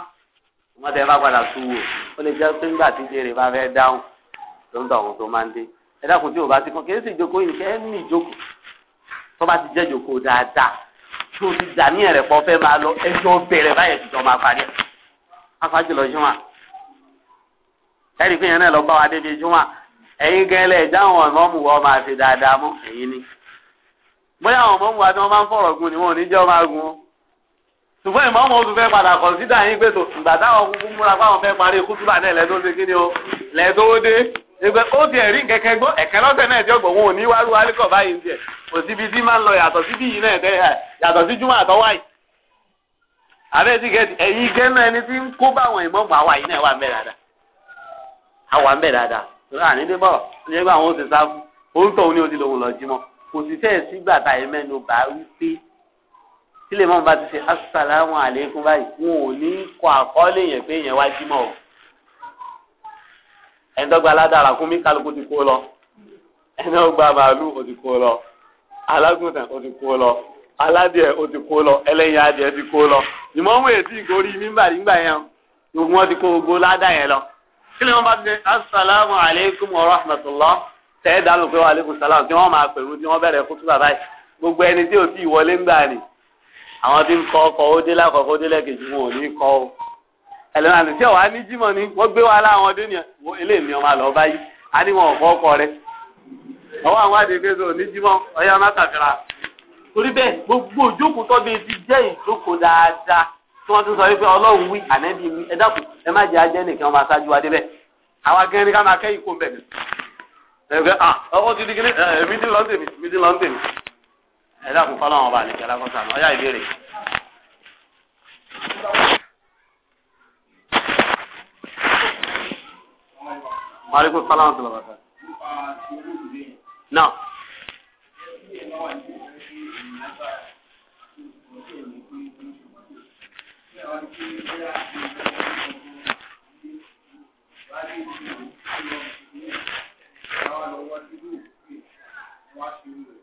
wọ́n tẹ bá padà tú wò ó lè jẹ́ pé nígbà tí jèrè bá fẹ́ dáhùn tó ń tọ̀hún tó máa ń dé ẹ dákun tí o bá ti kàn kí ẹ sì jókòó yìí kẹ́ ẹ ní ìjókòó tó bá ti jẹ́ jókòó dáadáa tó ti dà ní ẹ̀rẹ̀ pọ̀ fẹ́ máa lọ ẹjọ́ bẹ̀rẹ̀ báyẹn ti jọ máa parí ẹ̀ afájùlọ jùmọ̀ ẹ̀rí pé náà lọ bá wa débi jùmọ̀ ẹ̀yin gẹ́lẹ́ ìdáhùn ọ̀mọ́mù wọ́n máa fi dáadáa mú ẹ̀yin ni bóyá àwọn ọ̀mọ́mù wa tí wọ́n máa ń fọ̀rọ̀ gun ni wọn ò ní jẹ́ ọ máa gun ṣùgbọ́n ìmọ̀ ọmọ oṣù fẹ́ padà kọ̀nsídà yín pé tó ìgbà táwọn kúkú múra fáwọn fẹ́ parí kútúbà náà lẹ́dọ́ ṣe kí ni o lẹ́dọ́ dé ẹgbẹ́ ó ti ẹ̀rí kẹ̀kẹ́ gbọ́ ẹ̀kẹ́ lọ́sẹ̀ náà ti ọgbọ̀ wọn ò ní wá rúwa lẹ́kọ̀ọ́ báyìí tiẹ̀ kò síbi tí máa ń lọ yàtọ̀ síbí yìí náà tẹ́lẹ̀ yàtọ̀ sí júmọ̀ àtọwá yìí. àbẹ́ ti kẹ́tì ẹ̀yin gẹ́nà ẹni tí ń kó báwọn ìmọ̀gbọ̀n àwa yìí náà wà ń bẹ̀ dáadáa. àwa ń bẹ̀ dáadáa rà nídé bọ̀ ní ẹgbẹ́ àwọn oṣù sáfù orúkọ òun ni o ti lòun lọ jímọ̀ kò sì fẹ́ẹ̀ sígbà tá tí lè mọ́ bá ti ṣe asàlámù àlékún báyìí wọn ò ní kọ àkọọ́lẹ̀ yẹn pé yẹn wá jímọ̀ o ẹni tó gba aládàra kún mí kálukú ti kó lọ ẹni tó gba màálù ó ti kó lọ alágùntàn ó ti kó lọ aládìẹ ó ti kó lọ ẹlẹ́yin adìẹ ti kó lọ ìmọ̀ wọn èsì ìgòrí nígbà nígbà yẹn gbogbo wọn ti kó gbogbo ládà yẹn lọ kí mọ́ bá ti ṣe asàlámù àlékún wa rahmatullah tẹ́ẹ̀dá àwọn tí ń kọ ọkọ ó dé lákọọkọ ó dé lẹ́ẹ̀kejì wọn ò ní kọ o ẹlẹ́nu àti tí ọ̀wá ní jímọ̀ ni wọ́n gbé wa láwọn ọdún yẹn eléèmí ọmọ àlọ́ báyìí a ní wọn ọ̀kọ́ ọkọ rẹ ọwọ́ àwọn àdègbè tó ní jímọ̀ ọyá má tàfíra torí bẹ́ẹ̀ gbogbo òjókòó tó bíi ti jẹ́ ìjókòó dáadáa tí wọ́n tún sọ wípé ọlọ́run wí ànẹ́bí wí ẹ dákun ẹ má jẹ́ ajẹ́ nìkan máa ṣáájú wa débẹ̀ àwa gẹ́rin ká máa kẹ́ ìkó bẹ̀ mi. ẹ̀ẹ́dẹ́gbẹ́ ah ọkọ̀ ti di kíní ẹ̀ẹ́dẹ́gbẹ́ mi ti ẹ dákun kọ́ lọ́wọ́ ọba àlejò alákọ̀ọ́sán ọ̀yá ìbéèrè. Maaleykum salaam wa rahmatulah. Náà. Thank you.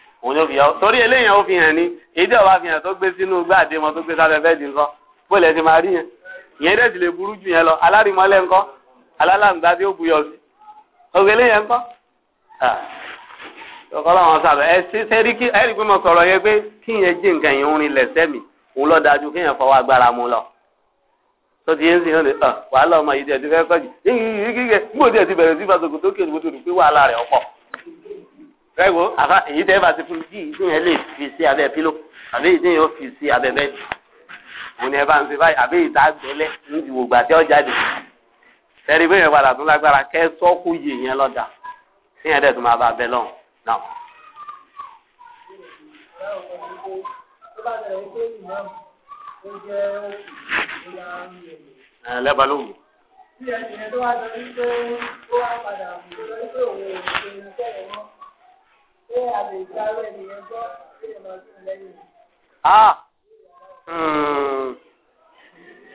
òun ló fi yọ torí eléyàn ó fi hàn ní èdè ọba fi hàn tó gbé sínú gbáàdé mọ tó gbé sábẹ́ bẹ́ẹ̀dì ńkọ́ bó lẹ ti máa rí yẹn ìyẹn dẹ̀ sì lè burú jù yẹn lọ alárìmọlẹ ńkọ́ alálàǹgbá tí ó buyọ sí òkè eléyàn ńkọ́ ọkọ làwọn sábẹ́ ẹ ṣe sẹrí kí ẹ rí pé mo sọ̀rọ̀ yẹn pé kí yẹn jí nǹkan yẹn orin lẹsẹ mi òun lọ dájú kí yẹn fọwọ́ agbára mu lọ tó ti yẹn ń yẹn lè wàhálà ọmọ yìí tẹ̀ ti fẹ́ kọ́ jù yìí yìí yìí gbòdì ẹ̀ ti bẹ̀rẹ̀ sí ìfàsókò tó kéde bó ti rù pé wàhálà rẹ̀ ọ̀pọ̀ ẹ̀wọ̀ àfa èyí tẹ́ bá ti fún bí ìdíyẹn lè fi sí abẹ́ pílò àbí ìdíyẹn ó fi sí abẹ́ bẹ́ẹ̀dì mo ní ẹ bá ń ṣe báyìí àbí ìta gbẹlẹ ń ju ògbà tí ó jáde ẹ̀rí bẹ́ẹ̀ yẹn padà tún lágbára kẹ́ sọ́kù yìí yẹn lọ́dà ìyẹn dẹ̀ tún máa bá abẹ́ lọ́hùn náà. lẹ́bàá ló Ah, a lè dárò ènìyàn gbọ́ kí lè máa sùn lẹ́yìn.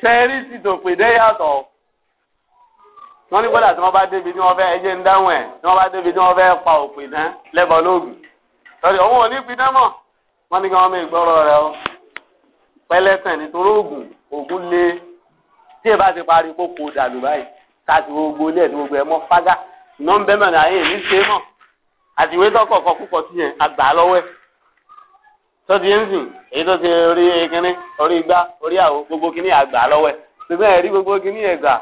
sẹ́ẹ̀rì sì tòpè dé yàtọ̀ wọ́n ní gbọ́dọ̀ tí wọ́n bá débi tí wọ́n fẹ́ ẹjẹ́ ń dáhùn ẹ̀ tí wọ́n bá débi tí wọ́n fẹ́ pa òpè náà lẹ́bọ̀ lóògùn lọ́dọ̀ òun ò ní pinná mọ̀ wọ́n ní kí wọ́n mú gbọ́rọ̀ rẹ o pẹ́lẹ́sẹ̀ nítorí òògùn òògùn lé tí ẹ bá ti parí kó kó dàlù báyìí káàtì gbogbo ilé ẹ̀ tí gbogbo ẹ̀ mọ́ fágá ìnáwó bẹ́ẹ̀ mọ̀ ayé ìlú ṣe mọ̀ àtìwé tọkọ̀kọ̀ púpọ̀ sí yẹn àgbà lọ́wọ́ ẹ̀ tọ́tí yẹn ń sìn èyí tó ti orí kínní orí igbá orí àwo gbogbo kínní àgbà lọ́wọ́ ẹ̀ ṣùgbọ́n ẹ̀rí gbogbo kínní ẹ̀gbà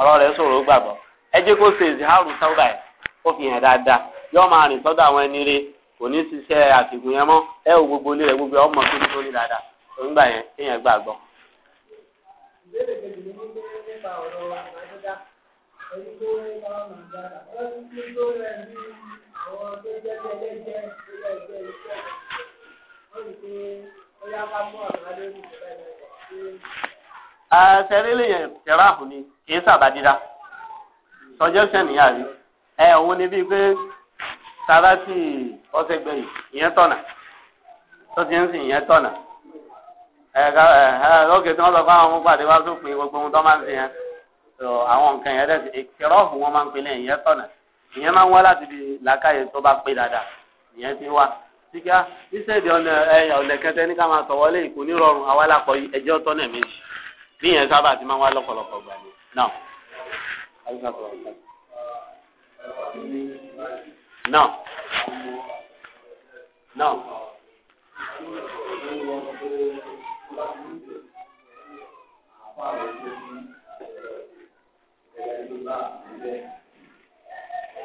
ọ̀rọ̀ rẹ̀ sọ̀rọ̀ gbàgbọ́ ẹ jẹ́ kó ṣe ìṣàrù sọ́dà ẹ̀ ó fi hàn dáadáa yóò máa rìn sọ́dọ̀ àwọn ẹni rẹ̀ kò ní ṣiṣẹ́ àtìgùn yẹn mọ́ ẹ ò gbogbo ilé rẹ̀ gbogbo ọmọ tó ní tó ní dáadáa tó ń gbà àtẹ̀rí lè yẹn tẹ̀ráàfù ni kì í sábà dídá suggestion ẹ òun ni bíi pé sára sí ọ̀sẹ̀ gbẹ̀yìn ìyẹn tọ̀nà tó ìyẹn tọ̀nà ẹ ẹ lókè tí wọ́n sọ fún àwọn ọmọpàdé wá sópin gbogbo ohun tó máa ń sìn àwọn nǹkan yẹn dẹ̀ tẹ̀ráàfù wọn máa ń pinnu ìyẹn tọ̀nà ìyẹn máa ń wá láti ibi làákàyè tó bá pé dáadáa ìyẹn ti wá síkà sísèdè ọ̀nà ẹ̀yà ọ̀nà kẹtẹ ní ká máa tọ̀ wọlé ìkò nírọ̀rùn àwa lápọ̀ ẹjẹ́ ọ̀tọ́ náà méjì bí ìyẹn sábà ti máa ń wá lọ́pọ̀lọpọ̀ gbà ní. náà náà náà. Thank you.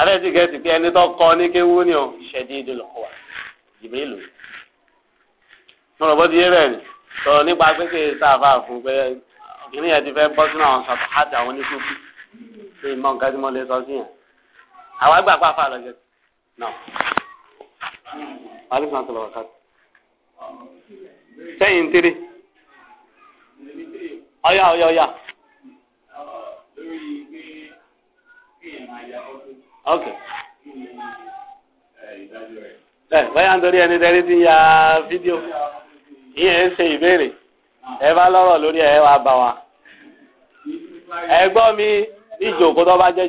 abẹ́sí kẹ́sì pé ẹni tó kọ́ ní kéwú ni ọ ṣẹ̀dídì lọ́kọ̀ wa jìbìrìlù mọ̀rọ̀ bó ti yé bẹ́ẹ̀ ni sọ̀rọ̀ nípa pínpín sáfà fún pé ọ̀kìnrin yẹn ti fẹ́ bọ́ sínú àwọn sọ̀tọ̀ àti àwọn oníkókí ṣe ìmọ̀ nǹkan tí mo lè sọ sí yẹn àwọn àgbà pàfà lọ́jọ́ náà wàhálà ìsàn tó lọ́wọ́ sẹ́yìn tiri ọ̀yà ọ̀yà ọ̀yà. lórí pé kéèyàn máa ya ọkọ ok. ẹ bẹ́ẹ̀ nítorí ẹni tẹ́lẹ̀ ya fídíò ìyẹn ń ṣe ìbéèrè ẹ bá lọ́rọ̀ lórí ẹ wá wa. ẹ̀gbọ́n mi ìjòkó tó bá jẹ́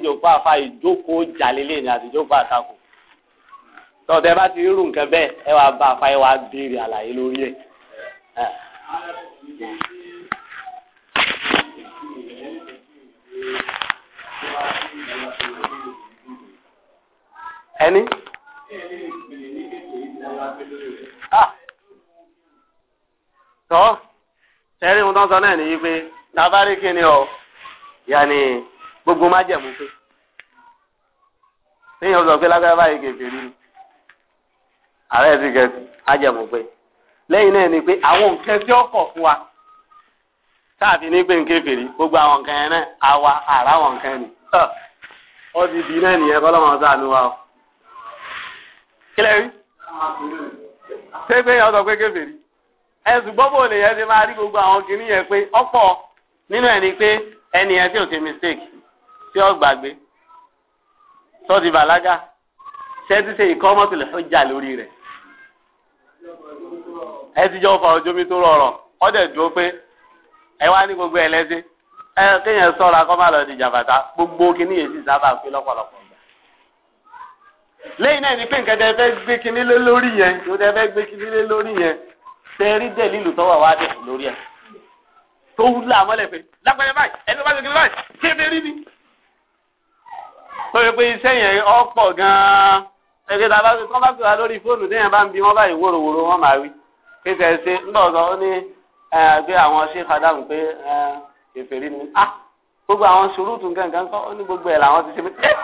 ti rírun nǹkan bẹ́ẹ̀ ẹ wá wa biri ẹ wá Eni, tọ́ ah. sẹ́rí ohun tó ń sọ náà nìyí pé tábàárí kí ni ọ yàní gbogbo má jẹ̀mú pé téèyàn sọ pé lágbára báyìí ni ààrẹ ti gẹ̀ẹ́sì má jẹ̀mú pé lẹ́yìn náà ni pé àwọn nǹkan tí ó kọ̀ fún wa ní pé nǹkan gbogbo àwọn nǹkan yẹn náà àwa àrà àwọn nǹkan ni ti di náà nìyẹn sáà ló kílẹ̀ tẹ́gbẹ́ ọ̀dọ̀ pé kébèrè ẹ̀sùn gbọ́bọ̀ lè yẹn ti máa rí gbogbo àwọn kìíní yẹn pé ọ̀pọ̀ nínú ẹ̀ ni pé ẹni yẹn tí ò ti mistake tí ó gbàgbé tó ti bàlágà ṣé ti ṣe fún jà lórí rẹ̀ ẹ ti jọ fa mi tó rọrọ̀ ọ dẹ̀ dúró pé ẹ wá ní gbogbo lẹ́sìn ẹ kéèyàn sọ̀rọ̀ gbogbo kìíní yẹn sì sábà pé lọ́pọ̀lọpọ̀. lẹ́yìn náà ni pé nǹkan tẹ́ fẹ́ gbé kinní lé lórí yẹn tó tẹ́ fẹ́ gbé kinní lé lórí yẹn tẹ́ rí dẹ̀lílù tọ́wọ́ wá dẹ̀ lórí ẹ̀ tó wú là mọ́lẹ̀ pé lápẹ̀lẹ̀ báyìí ẹni bá gbẹ̀gbẹ̀ báyìí ṣé fẹ́ rí ni. tó yẹ pé iṣẹ́ yẹn ọ̀pọ̀ gan-an ẹgbẹ́ tá a bá kọ́ bá gbé wa lórí fóònù tí yẹn bá ń bi wọ́n báyìí wóróworó wọ́n máa wí pé kẹ́ ẹ ṣe ńlọ́ọ̀dọ́ ó ní pé àwọn ṣé fadáhùn pé kèfèrí ni ah! gbogbo àwọn ṣòro tún gàǹgàǹ kọ́ ó ní gbogbo ẹ̀ làwọn ti ṣe pé eh!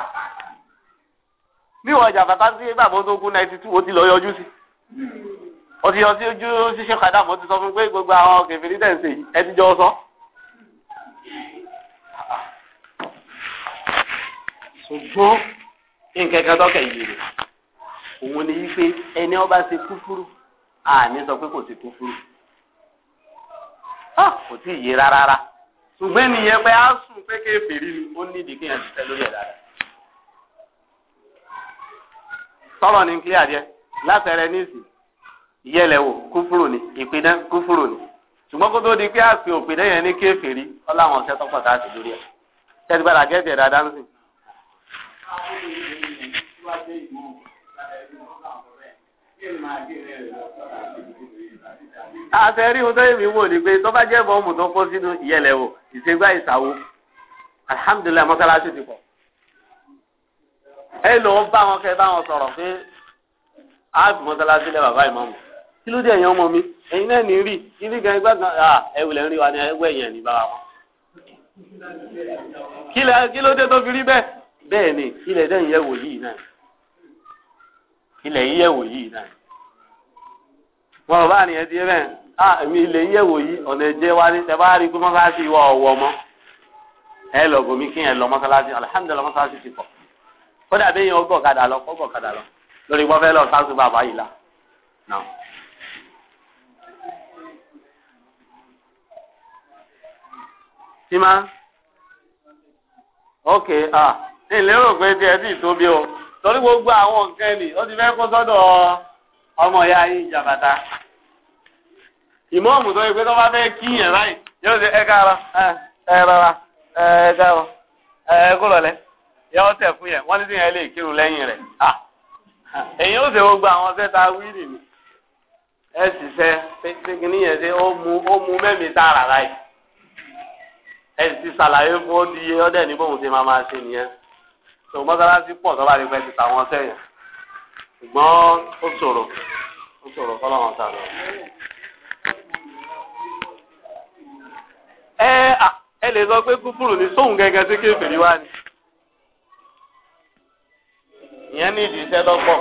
bí wọ́n jàǹfàtà sí bàbá tó kú náà ti tú ti lọ yọjú sí o ti yọ sí ojú ṣíṣe padà mo ti sọ fún pé gbogbo àwọn kẹfìrí tẹ̀ ń sọ. ṣùgbọ́n nǹkan kan tọ́kẹ̀ yìí rè òun ni wípé ẹni ọba ṣe kúfúrú àní sọ pé kò sí kúfúrú ah, kò tí ì yé rárá ṣùgbọ́n ẹnìyẹn pé á sùn pé kéfìrí ni ó nídìí kéèyàn ti tẹ́ lórí ẹ̀ dáadáa. sọ̀rọ̀ ní clear díẹ̀ látẹ̀rẹ̀ níìsì yẹlẹ̀wò kúfúrò ni ìpinnu kúfúrò ni ṣùgbọ́n kó tó di pé àsìn òpinnu yẹn ní kéferì ọláwọn ọ̀sẹ̀ tó pọ̀ tá a ti lórí ẹ̀ tẹ́tí gbọ́dọ̀ àgẹ́tì ẹ̀dá dáńsì. àtẹ̀rí ohun tó yẹ mi wò ni pé tó bá jẹ́ bọ́ọ̀mù tó kó sínú ìyẹlẹ̀wò ìṣègbà ìṣàwò alihamudulilayi mọ́sálásí ti pọ̀ ẹ lọ bá wọn kẹ bá wọn sọ̀rọ̀ pé áàbù mọ́sálásí lẹ bàbá ìmọ̀mù kí ló dé ẹ̀yàn ọmọ mi ẹ̀yin náà ní rí ilé gan ẹgbẹ́ kan ẹ wùlẹ̀ ń rí wa ni ẹgbẹ́ yẹn ní báwa wọn. kí ló dé tó fi rí bẹ́ẹ̀ bẹ́ẹ̀ ni ilẹ̀ dẹ́yìn yẹ̀ wò yìí náà ilẹ̀ yìí yẹ̀ wò yìí náà wọn ò bá nìyẹn ti bẹ́ẹ̀ ah èmi ilẹ̀ yìí wò yìí ọ̀nà ẹ̀jẹ̀ wa ni tẹ bá rí pé mọ́sálásí wọ ọ̀wọ́ mọ́ ẹ lọ gòmí kí yẹn lọ mọ́sálásí alihamudulilayi mọ́sálásí ti pọ̀ kódà bẹ́ẹ̀ yẹn ọgbọ̀n kadà lọ ọgbọ̀n kadà lọ lórí wọn lọ bàbá yìí la nà. Sima ok ah ní ìlérò pé tiẹ̀ sì tóbi o torí gbogbo àwọn nǹkan ó ti fẹ́ sọ́dọ̀ ọmọ ya yín jàbàtà ìmọ̀ọ́mù tó yẹ pé ẹ yẹ ọsẹ fún yẹn wọn ní sìn yẹn lè kírun lẹ́yìn rẹ̀ ah èyí ó ṣe gbogbo àwọn ọsẹ tá a wí nì ní ẹ sì ṣe pínpín níyẹn ṣe ó mu ó mu tá a rà láì ẹ sì ṣàlàyé fún ó ti yé ọdẹ ní bóun ṣe máa máa ṣe nìyẹn tó mọ́sálásí pọ̀ tó bá rí pẹ́ ti tàwọn ọsẹ yẹn ṣùgbọ́n ó ṣòro ó ṣòro fọlọ́wọ́n sàlọ́. ẹ ẹ lè sọ pé kúfùrù ní sóhun gẹ́gẹ́ sí kéferì wá ni ìyẹn ní ìdí lọ́pọ̀.